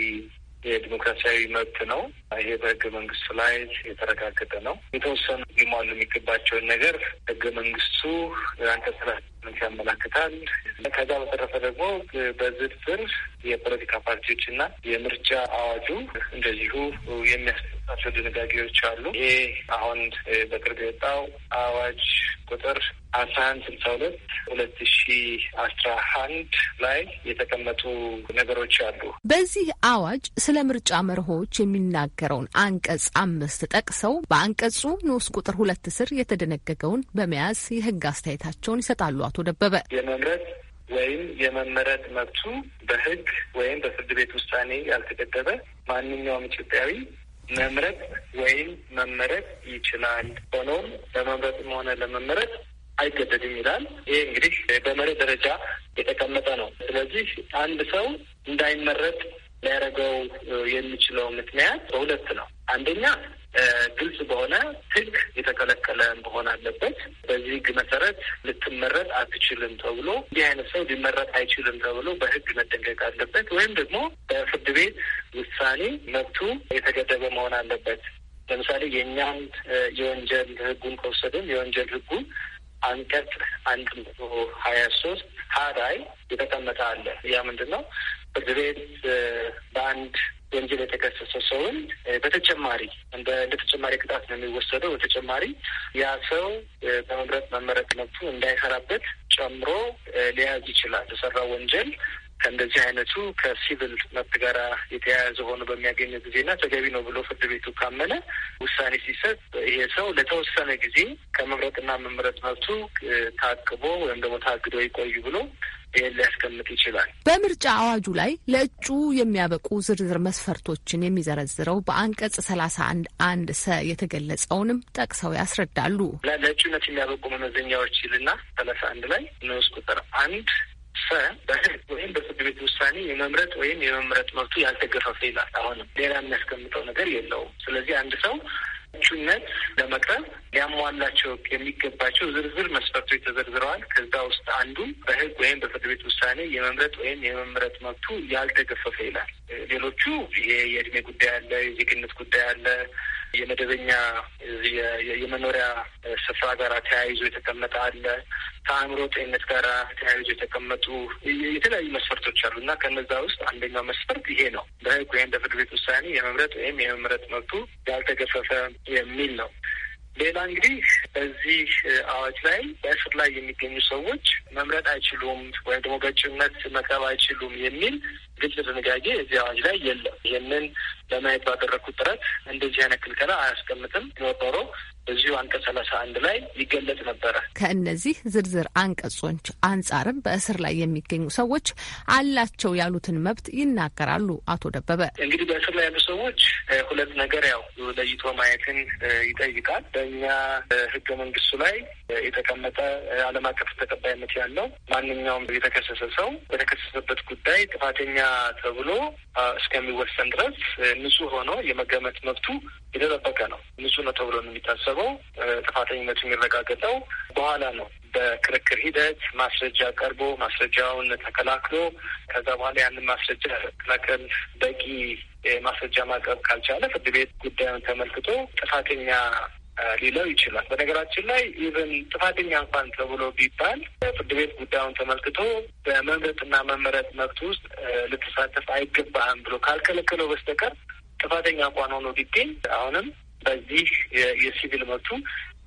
የዲሞክራሲያዊ መብት ነው። ይሄ በህገ መንግስቱ ላይ የተረጋገጠ ነው። የተወሰኑ ሊሟሉ የሚገባቸውን ነገር ህገ መንግስቱ አንቀጽ ያመላክታል። ከዛ በተረፈ ደግሞ በዝርዝር የፖለቲካ ፓርቲዎች እና የምርጫ አዋጁ እንደዚሁ የሚያስቸው ድንጋጌዎች አሉ። ይሄ አሁን በቅርብ የወጣው አዋጅ ቁጥር አስራ አንድ ስልሳ ሁለት ሁለት ሺ አስራ አንድ ላይ የተቀመጡ ነገሮች አሉ። በዚህ አዋጅ ስለ ምርጫ መርሆዎች የሚናገረውን አንቀጽ አምስት ጠቅሰው በአንቀጹ ንዑስ ቁጥር ሁለት ስር የተደነገገውን በመያዝ የህግ አስተያየታቸውን ይሰጣሉ። አቶ ደበበ የመምረጥ ወይም የመመረጥ መብቱ በህግ ወይም በፍርድ ቤት ውሳኔ ያልተገደበ ማንኛውም ኢትዮጵያዊ መምረጥ ወይም መመረጥ ይችላል። ሆኖም ለመምረጥም ሆነ ለመመረጥ አይገደድም ይላል። ይሄ እንግዲህ በመርህ ደረጃ የተቀመጠ ነው። ስለዚህ አንድ ሰው እንዳይመረጥ ሊያደርገው የሚችለው ምክንያት በሁለት ነው። አንደኛ ግልጽ በሆነ ሕግ የተከለከለ መሆን አለበት። በዚህ ህግ መሰረት ልትመረጥ አትችልም ተብሎ እንዲህ አይነት ሰው ሊመረጥ አይችልም ተብሎ በህግ መደንገግ አለበት። ወይም ደግሞ በፍርድ ቤት ውሳኔ መብቱ የተገደበ መሆን አለበት። ለምሳሌ የእኛም የወንጀል ህጉን ከወሰድን የወንጀል ህጉ አንቀጽ አንድ መቶ ሀያ ሶስት ሀ ላይ የተቀመጠ አለ። ያ ምንድን ነው? ፍርድ ቤት በአንድ ወንጀል የተከሰሰ ሰውን በተጨማሪ እንደ ተጨማሪ ቅጣት ነው የሚወሰደው። በተጨማሪ ያ ሰው በመምረጥ መመረጥ መብቱ እንዳይሰራበት ጨምሮ ሊያዝ ይችላል። የተሰራ ወንጀል ከእንደዚህ አይነቱ ከሲቪል መብት ጋር የተያያዘ ሆኖ በሚያገኘ ጊዜና ተገቢ ነው ብሎ ፍርድ ቤቱ ካመነ ውሳኔ ሲሰጥ ይሄ ሰው ለተወሰነ ጊዜ ከመምረጥና መምረጥ መብቱ ታቅቦ ወይም ደግሞ ታግዶ ይቆዩ ብሎ ይህን ሊያስቀምጥ ይችላል። በምርጫ አዋጁ ላይ ለእጩ የሚያበቁ ዝርዝር መስፈርቶችን የሚዘረዝረው በአንቀጽ ሰላሳ አንድ አንድ ሰ የተገለጸውንም ጠቅሰው ያስረዳሉ። ለእጩነት የሚያበቁ መመዘኛዎች ይልና ሰላሳ አንድ ላይ ንዑስ ቁጥር አንድ ሰ በህግ ወይም በፍርድ ቤት ውሳኔ የመምረጥ ወይም የመምረጥ መብቱ ያልተገፈፈ ይላል። አሁንም ሌላ የሚያስቀምጠው ነገር የለውም። ስለዚህ አንድ ሰው ምቹነት ለመቅረብ ሊያሟላቸው የሚገባቸው ዝርዝር መስፈርቶች ተዘርዝረዋል። ከዛ ውስጥ አንዱ በህግ ወይም በፍርድ ቤት ውሳኔ የመምረጥ ወይም የመምረጥ መብቱ ያልተገፈፈ ይላል። ሌሎቹ ይሄ የእድሜ ጉዳይ አለ፣ የዜግነት ጉዳይ አለ፣ የመደበኛ የመኖሪያ ስፍራ ጋር ተያይዞ የተቀመጠ አለ። ከአእምሮ ጤንነት ጋር ተያይዞ የተቀመጡ የተለያዩ መስፈርቶች አሉ እና ከነዛ ውስጥ አንደኛው መስፈርት ይሄ ነው። በህግ ወይም በፍርድ ቤት ውሳኔ የመምረጥ ወይም የመምረጥ መብቱ ያልተገፈፈ የሚል ነው። ሌላ እንግዲህ በዚህ አዋጅ ላይ በእስር ላይ የሚገኙ ሰዎች መምረጥ አይችሉም ወይም ደግሞ በእጩነት መቅረብ አይችሉም የሚል ግልጽ ድንጋጌ እዚህ አዋጅ ላይ የለም። ይህንን ለማየት ባደረግኩት ጥረት እንደዚህ አይነት ክልከላ አያስቀምጥም ኖሮ እዚሁ አንቀጽ ሰላሳ አንድ ላይ ይገለጽ ነበረ። ከእነዚህ ዝርዝር አንቀጾች አንጻርም በእስር ላይ የሚገኙ ሰዎች አላቸው ያሉትን መብት ይናገራሉ። አቶ ደበበ እንግዲህ በእስር ላይ ያሉ ሰዎች ሁለት ነገር ያው ለይቶ ማየትን ይጠይቃል። በእኛ ህገ መንግስቱ ላይ የተቀመጠ ዓለም አቀፍ ተቀባይነት ያለው ማንኛውም የተከሰሰ ሰው በተከሰሰበት ጉዳይ ጥፋተኛ ተብሎ እስከሚወሰን ድረስ ንጹህ ሆኖ የመገመት መብቱ የተጠበቀ ነው። ንጹህ ነው ተብሎ የሚታሰበው ጥፋተኝነቱ የሚረጋገጠው በኋላ ነው። በክርክር ሂደት ማስረጃ ቀርቦ ማስረጃውን ተከላክሎ ከዛ በኋላ ያንን ማስረጃ መከላከል በቂ ማስረጃ ማቅረብ ካልቻለ ፍርድ ቤት ጉዳዩን ተመልክቶ ጥፋተኛ ሊለው ይችላል። በነገራችን ላይ ኢቨን ጥፋተኛ እንኳን ተብሎ ቢባል ፍርድ ቤት ጉዳዩን ተመልክቶ በመምረጥና መመረጥ መብት ውስጥ ልትሳተፍ አይገባህም ብሎ ካልከለከለው በስተቀር ጥፋተኛ እንኳን ሆኖ ቢገኝ አሁንም በዚህ የሲቪል መብቱ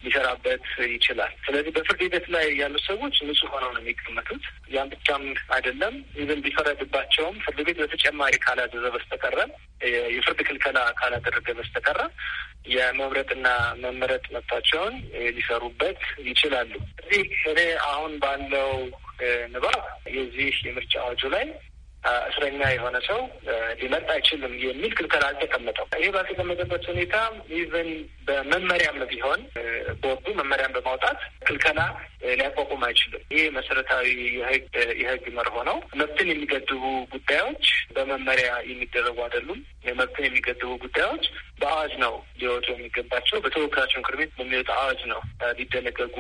ሊሰራበት ይችላል። ስለዚህ በፍርድ ቤት ላይ ያሉ ሰዎች ንጹህ ሆነው ነው የሚቀመጡት። ያን ብቻም አይደለም ይዘን ቢፈረድባቸውም ፍርድ ቤት በተጨማሪ ካላዘዘ በስተቀረ የፍርድ ክልከላ ካላደረገ በስተቀረ የመምረጥና መመረጥ መብታቸውን ሊሰሩበት ይችላሉ። እዚህ እኔ አሁን ባለው ንባብ የዚህ የምርጫ አዋጁ ላይ እስረኛ የሆነ ሰው ሊመጣ አይችልም የሚል ክልከላ አልተቀመጠው። ይህ ባልተቀመጠበት ሁኔታ ኢቨን በመመሪያም ቢሆን ቦርዱ መመሪያም በማውጣት ክልከላ ሊያቋቁም አይችልም። ይህ መሰረታዊ የህግ መርሆ ነው። መብትን የሚገድቡ ጉዳዮች በመመሪያ የሚደረጉ አይደሉም። መብትን የሚገድቡ ጉዳዮች በአዋጅ ነው ሊወጡ የሚገባቸው። በተወካዮች ምክር ቤት በሚወጣ አዋጅ ነው ሊደነገጉ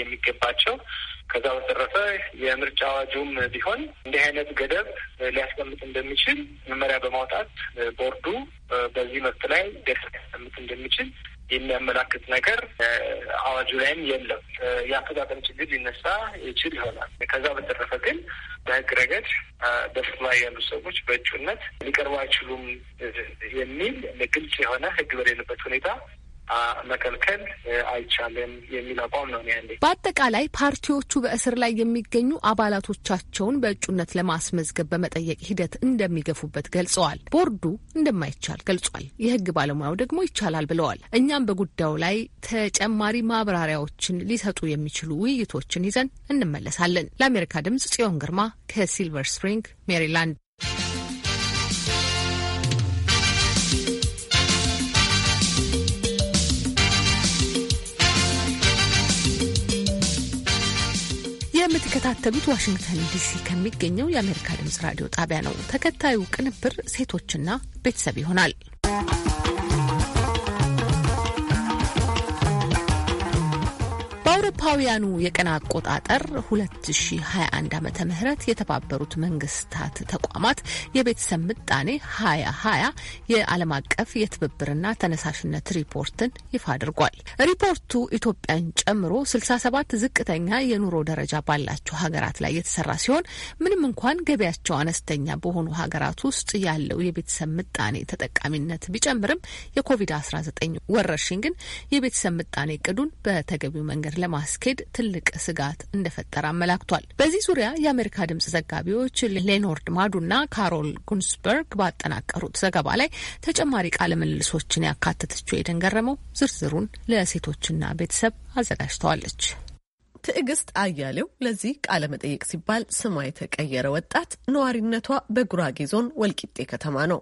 የሚገባቸው። ከዛ በተረፈ የምርጫ አዋጁም ቢሆን እንዲህ አይነት ገደብ ሊያስቀምጥ እንደሚችል መመሪያ በማውጣት ቦርዱ በዚህ መብት ላይ ገደብ ሊያስቀምጥ እንደሚችል የሚያመላክት ነገር አዋጁ ላይም የለም። የአፈጣጠም ችግር ሊነሳ ይችል ይሆናል። ከዛ በተረፈ ግን በህግ ረገድ በስር ላይ ያሉ ሰዎች በእጩነት ሊቀርቡ አይችሉም የሚል ግልጽ የሆነ ህግ በሌለበት ሁኔታ መከልከል አይቻልም የሚል አቋም ነው ያለኝ። በአጠቃላይ ፓርቲዎቹ በእስር ላይ የሚገኙ አባላቶቻቸውን በእጩነት ለማስመዝገብ በመጠየቅ ሂደት እንደሚገፉበት ገልጸዋል። ቦርዱ እንደማይቻል ገልጿል። የህግ ባለሙያው ደግሞ ይቻላል ብለዋል። እኛም በጉዳዩ ላይ ተጨማሪ ማብራሪያዎችን ሊሰጡ የሚችሉ ውይይቶችን ይዘን እንመለሳለን። ለአሜሪካ ድምጽ ጽዮን ግርማ ከሲልቨር ስፕሪንግ ሜሪላንድ የምትከታተሉት ዋሽንግተን ዲሲ ከሚገኘው የአሜሪካ ድምጽ ራዲዮ ጣቢያ ነው። ተከታዩ ቅንብር ሴቶችና ቤተሰብ ይሆናል። አውሮፓውያኑ የቀን አቆጣጠር 2021 ዓ ም የተባበሩት መንግስታት ተቋማት የቤተሰብ ምጣኔ 2020 የዓለም አቀፍ የትብብርና ተነሳሽነት ሪፖርትን ይፋ አድርጓል። ሪፖርቱ ኢትዮጵያን ጨምሮ 67 ዝቅተኛ የኑሮ ደረጃ ባላቸው ሀገራት ላይ የተሰራ ሲሆን ምንም እንኳን ገቢያቸው አነስተኛ በሆኑ ሀገራት ውስጥ ያለው የቤተሰብ ምጣኔ ተጠቃሚነት ቢጨምርም የኮቪድ-19 ወረርሽኝ ግን የቤተሰብ ምጣኔ እቅዱን በተገቢው መንገድ ለማስ ካስኬድ ትልቅ ስጋት እንደፈጠረ አመላክቷል። በዚህ ዙሪያ የአሜሪካ ድምጽ ዘጋቢዎች ሌኖርድ ማዱና ካሮል ጉንስበርግ ባጠናቀሩት ዘገባ ላይ ተጨማሪ ቃለ ምልልሶችን ያካተተችው የደንገረመው ዝርዝሩን ለሴቶችና ቤተሰብ አዘጋጅተዋለች። ትዕግስት አያሌው ለዚህ ቃለ መጠየቅ ሲባል ስሟ የተቀየረ ወጣት ነዋሪነቷ በጉራጌ ዞን ወልቂጤ ከተማ ነው።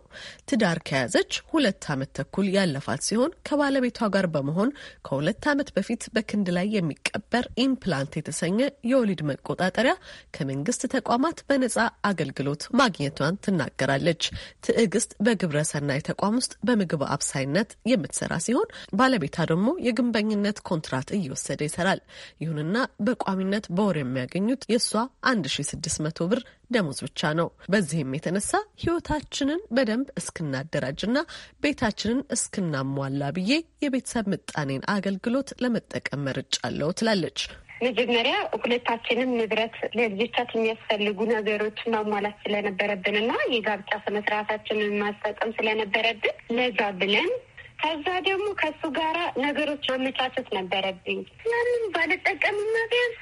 ትዳር ከያዘች ሁለት ዓመት ተኩል ያለፋት ሲሆን ከባለቤቷ ጋር በመሆን ከሁለት ዓመት በፊት በክንድ ላይ የሚቀበር ኢምፕላንት የተሰኘ የወሊድ መቆጣጠሪያ ከመንግስት ተቋማት በነጻ አገልግሎት ማግኘቷን ትናገራለች። ትዕግስት በግብረ ሰናይ ተቋም ውስጥ በምግብ አብሳይነት የምትሰራ ሲሆን ባለቤቷ ደግሞ የግንበኝነት ኮንትራት እየወሰደ ይሰራል። ይሁንና በቋሚነት በወር የሚያገኙት የእሷ 1600 ብር ደሞዝ ብቻ ነው። በዚህም የተነሳ ህይወታችንን በደንብ እስክናደራጅና ቤታችንን እስክናሟላ ብዬ የቤተሰብ ምጣኔን አገልግሎት ለመጠቀም መርጫለሁ ትላለች። መጀመሪያ ሁለታችንም ንብረት ለልጆቻችን የሚያስፈልጉ ነገሮች ማሟላት ስለነበረብንና የጋብቻ ስነስርዓታችንን ማስፈጸም ስለነበረብን ለዛ ብለን ከዛ ደግሞ ከሱ ጋራ ነገሮች አመቻቸት ነበረብኝ። ምንም ባልጠቀምና ቢያንስ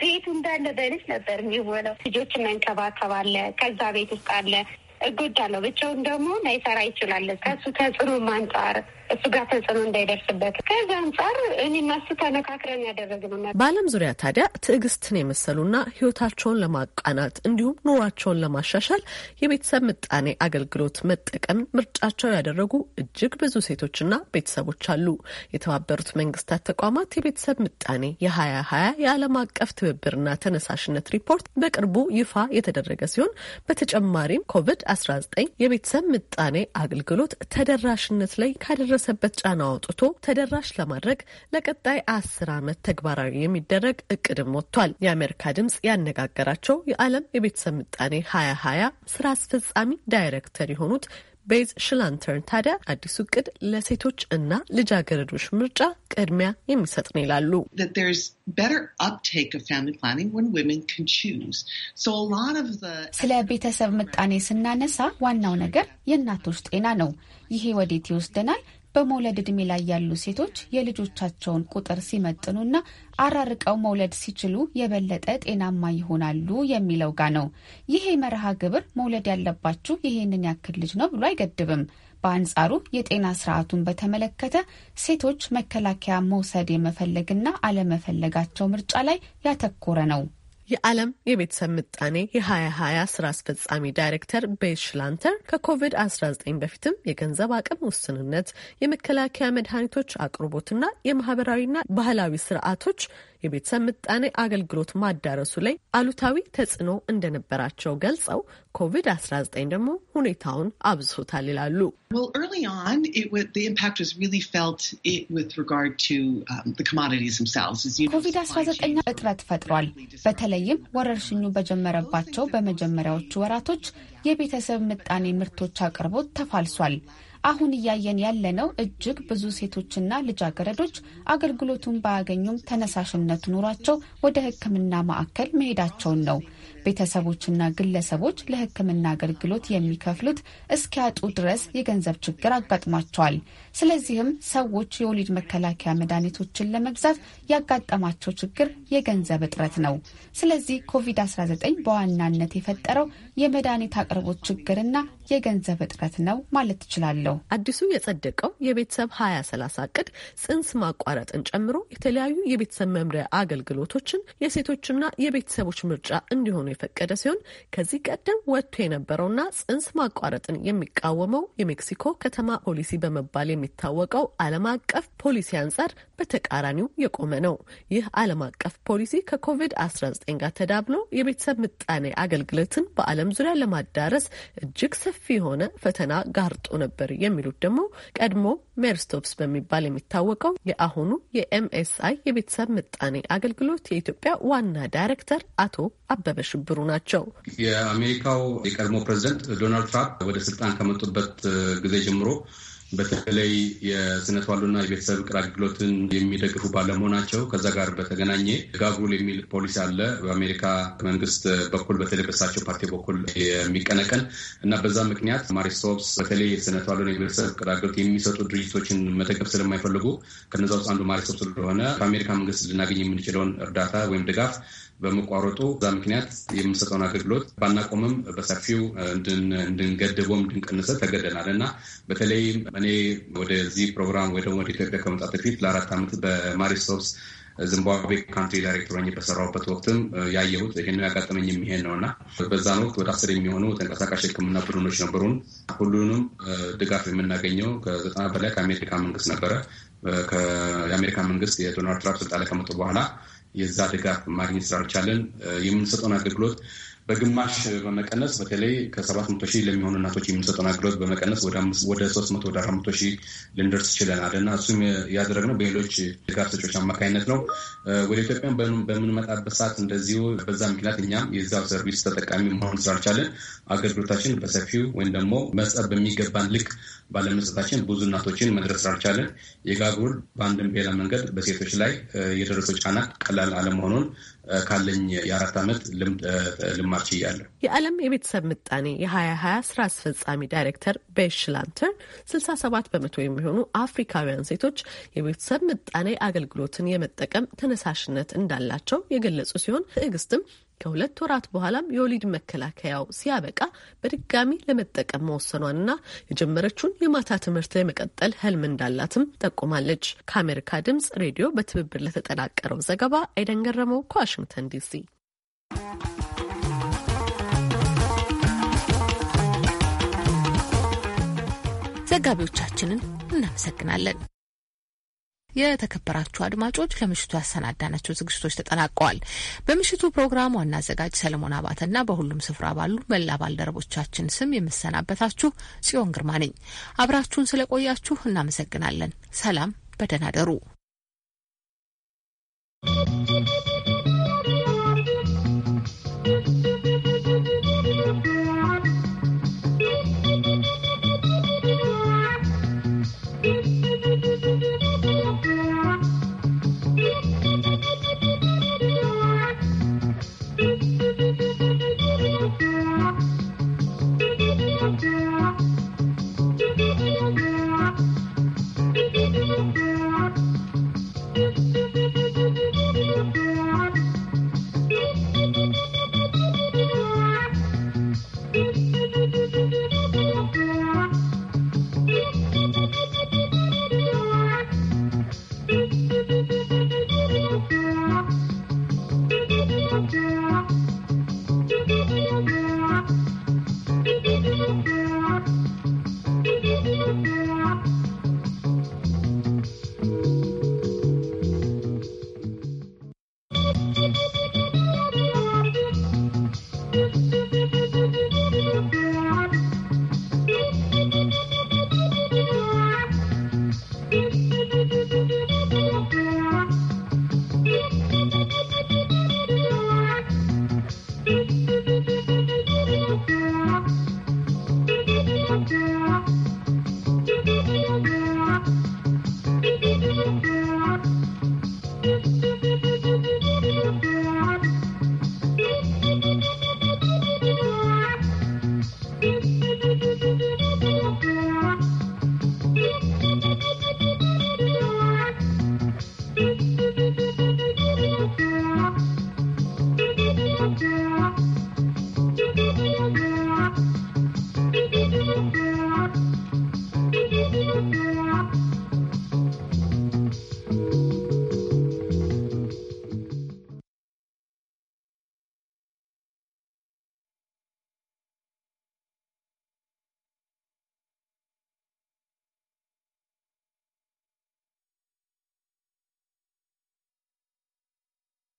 ቤቱ እንዳለ በልጅ ነበር የሚሆነው። ልጆች መንከባከብ አለ፣ ከዛ ቤት ውስጥ አለ። እጎዳለሁ። ብቻውን ደግሞ ላይሰራ ይችላል። ከሱ ተጽዕኖ አንጻር እሱ ጋር ተጽዕኖ እንዳይደርስበት ከዚ አንጻር እኔና እሱ ተመካክረን ያደረግነው። በዓለም ዙሪያ ታዲያ ትዕግስትን የመሰሉና ህይወታቸውን ለማቃናት እንዲሁም ኑሯቸውን ለማሻሻል የቤተሰብ ምጣኔ አገልግሎት መጠቀም ምርጫቸው ያደረጉ እጅግ ብዙ ሴቶችና ቤተሰቦች አሉ። የተባበሩት መንግስታት ተቋማት የቤተሰብ ምጣኔ የሀያ ሀያ የዓለም አቀፍ ትብብርና ተነሳሽነት ሪፖርት በቅርቡ ይፋ የተደረገ ሲሆን በተጨማሪም ኮቪድ-19 የቤተሰብ ምጣኔ አገልግሎት ተደራሽነት ላይ ካደረሰ ከደረሰበት ጫና አውጥቶ ተደራሽ ለማድረግ ለቀጣይ አስር ዓመት ተግባራዊ የሚደረግ እቅድም ወጥቷል። የአሜሪካ ድምጽ ያነጋገራቸው የዓለም የቤተሰብ ምጣኔ ሀያ ሀያ ስራ አስፈጻሚ ዳይሬክተር የሆኑት ቤዝ ሽላንተርን ታዲያ አዲሱ እቅድ ለሴቶች እና ልጃገረዶች ምርጫ ቅድሚያ የሚሰጥ ነው ይላሉ። ስለ ቤተሰብ ምጣኔ ስናነሳ ዋናው ነገር የእናቶች ጤና ነው። ይሄ ወዴት ይወስደናል በመውለድ ዕድሜ ላይ ያሉ ሴቶች የልጆቻቸውን ቁጥር ሲመጥኑና አራርቀው መውለድ ሲችሉ የበለጠ ጤናማ ይሆናሉ የሚለው ጋ ነው። ይሄ መርሃ ግብር መውለድ ያለባችሁ ይሄንን ያክል ልጅ ነው ብሎ አይገድብም። በአንጻሩ የጤና ስርዓቱን በተመለከተ ሴቶች መከላከያ መውሰድ የመፈለግና አለመፈለጋቸው ምርጫ ላይ ያተኮረ ነው። የዓለም የቤተሰብ ምጣኔ የ2020 ስራ አስፈጻሚ ዳይሬክተር ቤት ሽላንተር ከኮቪድ-19 በፊትም የገንዘብ አቅም ውስንነት፣ የመከላከያ መድኃኒቶች አቅርቦትና የማህበራዊና ባህላዊ ስርዓቶች የቤተሰብ ምጣኔ አገልግሎት ማዳረሱ ላይ አሉታዊ ተጽዕኖ እንደነበራቸው ገልጸው ኮቪድ-19 ደግሞ ሁኔታውን አብዝቶታል ይላሉ። um, ኮቪድ-19 እጥረት ፈጥሯል። በተለይም ወረርሽኙ በጀመረባቸው በመጀመሪያዎቹ ወራቶች የቤተሰብ ምጣኔ ምርቶች አቅርቦት ተፋልሷል። አሁን እያየን ያለነው እጅግ ብዙ ሴቶችና ልጃገረዶች አገልግሎቱን ባያገኙም ተነሳሽነት ኑሯቸው ወደ ሕክምና ማዕከል መሄዳቸውን ነው። ቤተሰቦችና ግለሰቦች ለሕክምና አገልግሎት የሚከፍሉት እስኪያጡ ድረስ የገንዘብ ችግር አጋጥሟቸዋል። ስለዚህም ሰዎች የወሊድ መከላከያ መድኃኒቶችን ለመግዛት ያጋጠማቸው ችግር የገንዘብ እጥረት ነው። ስለዚህ ኮቪድ-19 በዋናነት የፈጠረው የመድኃኒት አቅርቦት ችግርና የገንዘብ እጥረት ነው ማለት ትችላለሁ አዲሱ የጸደቀው የቤተሰብ ሀያ ሰላሳ እቅድ ጽንስ ማቋረጥን ጨምሮ የተለያዩ የቤተሰብ መምሪያ አገልግሎቶችን የሴቶችና የቤተሰቦች ምርጫ እንዲሆኑ የፈቀደ ሲሆን ከዚህ ቀደም ወጥቶ የነበረውና ጽንስ ማቋረጥን የሚቃወመው የሜክሲኮ ከተማ ፖሊሲ በመባል የሚታወቀው ዓለም አቀፍ ፖሊሲ አንጻር በተቃራኒው የቆመ ነው። ይህ ዓለም አቀፍ ፖሊሲ ከኮቪድ-19 ጋር ተዳብሎ የቤተሰብ ምጣኔ አገልግሎትን በዓለም ዙሪያ ለማዳረስ እጅግ ሰፊ ሰፊ የሆነ ፈተና ጋርጦ ነበር የሚሉት ደግሞ ቀድሞ ሜርስቶፕስ በሚባል የሚታወቀው የአሁኑ የኤምኤስአይ የቤተሰብ ምጣኔ አገልግሎት የኢትዮጵያ ዋና ዳይሬክተር አቶ አበበ ሽብሩ ናቸው። የአሜሪካው የቀድሞ ፕሬዚደንት ዶናልድ ትራምፕ ወደ ስልጣን ከመጡበት ጊዜ ጀምሮ በተለይ የስነ ተዋልዶና የቤተሰብ ቅር አገልግሎትን የሚደግፉ ባለመሆናቸው ከዛ ጋር በተገናኘ ጋጉል የሚል ፖሊሲ አለ በአሜሪካ መንግስት በኩል በተለይ በሳቸው ፓርቲ በኩል የሚቀነቀን እና በዛ ምክንያት ማሪስቶፕስ በተለይ የስነ ተዋልዶና የቤተሰብ ቅር አገልግሎት የሚሰጡ ድርጅቶችን መደገፍ ስለማይፈልጉ ከነዛ ውስጥ አንዱ ማሪስቶፕስ ስለሆነ ከአሜሪካ መንግስት ልናገኝ የምንችለውን እርዳታ ወይም ድጋፍ በመቋረጡ በዛ ምክንያት የምንሰጠውን አገልግሎት ባናቆምም በሰፊው እንድንገድበውም እንድንቀንሰ ተገደናል እና በተለይም እኔ ወደዚህ ፕሮግራም ወይ ደግሞ ወደ ኢትዮጵያ ከመምጣት በፊት ለአራት ዓመት በማሪሶስ ዚምባብዌ ካንትሪ ዳይሬክተር ሆኜ በሰራሁበት ወቅትም ያየሁት ይህን ያጋጠመኝ የሚሄድ ነው እና በዛን ወቅት ወደ አስር የሚሆኑ ተንቀሳቃሽ ሕክምና ቡድኖች ነበሩን። ሁሉንም ድጋፍ የምናገኘው ከዘጠና በላይ ከአሜሪካ መንግስት ነበረ። የአሜሪካ መንግስት የዶናልድ ትራምፕ ስልጣን ላይ ከመጡ በኋላ የዛ ድጋፍ ማግኘት ስላልቻለን የምንሰጠውን አገልግሎት በግማሽ በመቀነስ በተለይ ከሰባት መቶ ሺህ ለሚሆኑ እናቶች የምንሰጠውን አገልግሎት በመቀነስ ወደ ሶስት መቶ ወደ አራት መቶ ሺህ ልንደርስ ችለናል እና እሱም ያደረግነው በሌሎች ድጋፍ ሰጮች አማካኝነት ነው። ወደ ኢትዮጵያ በምንመጣበት ሰዓት እንደዚሁ በዛ ምክንያት እኛም የዛው ሰርቪስ ተጠቃሚ መሆን ስላልቻለን አገልግሎታችን በሰፊው ወይም ደግሞ መስጠት በሚገባን ልክ ባለመስጠታችን ብዙ እናቶችን መድረስ ስላልቻለን የጋጉል በአንድም ሌላ መንገድ በሴቶች ላይ የደረሰው ጫና ቀላል አለመሆኑን ካለኝ የአራት ዓመት ልምድ እያለ የዓለም የቤተሰብ ምጣኔ የ2020 ስራ አስፈጻሚ ዳይሬክተር በሽላንተር 67 በመቶ የሚሆኑ አፍሪካውያን ሴቶች የቤተሰብ ምጣኔ አገልግሎትን የመጠቀም ተነሳሽነት እንዳላቸው የገለጹ ሲሆን ትዕግስትም ከሁለት ወራት በኋላም የወሊድ መከላከያው ሲያበቃ በድጋሚ ለመጠቀም መወሰኗንና የጀመረችውን የማታ ትምህርት ለመቀጠል ህልም እንዳላትም ጠቁማለች። ከአሜሪካ ድምጽ ሬዲዮ በትብብር ለተጠናቀረው ዘገባ አይደን ገረመው ከዋሽንግተን ዲሲ። ዘጋቢዎቻችንን እናመሰግናለን። የተከበራችሁ አድማጮች ለምሽቱ ያሰናዳናቸው ዝግጅቶች ተጠናቀዋል። በምሽቱ ፕሮግራም ዋና አዘጋጅ ሰለሞን አባተና በሁሉም ስፍራ ባሉ መላ ባልደረቦቻችን ስም የምሰናበታችሁ ጽዮን ግርማ ነኝ። አብራችሁን ስለቆያችሁ እናመሰግናለን። ሰላም፣ በደህና ደሩ።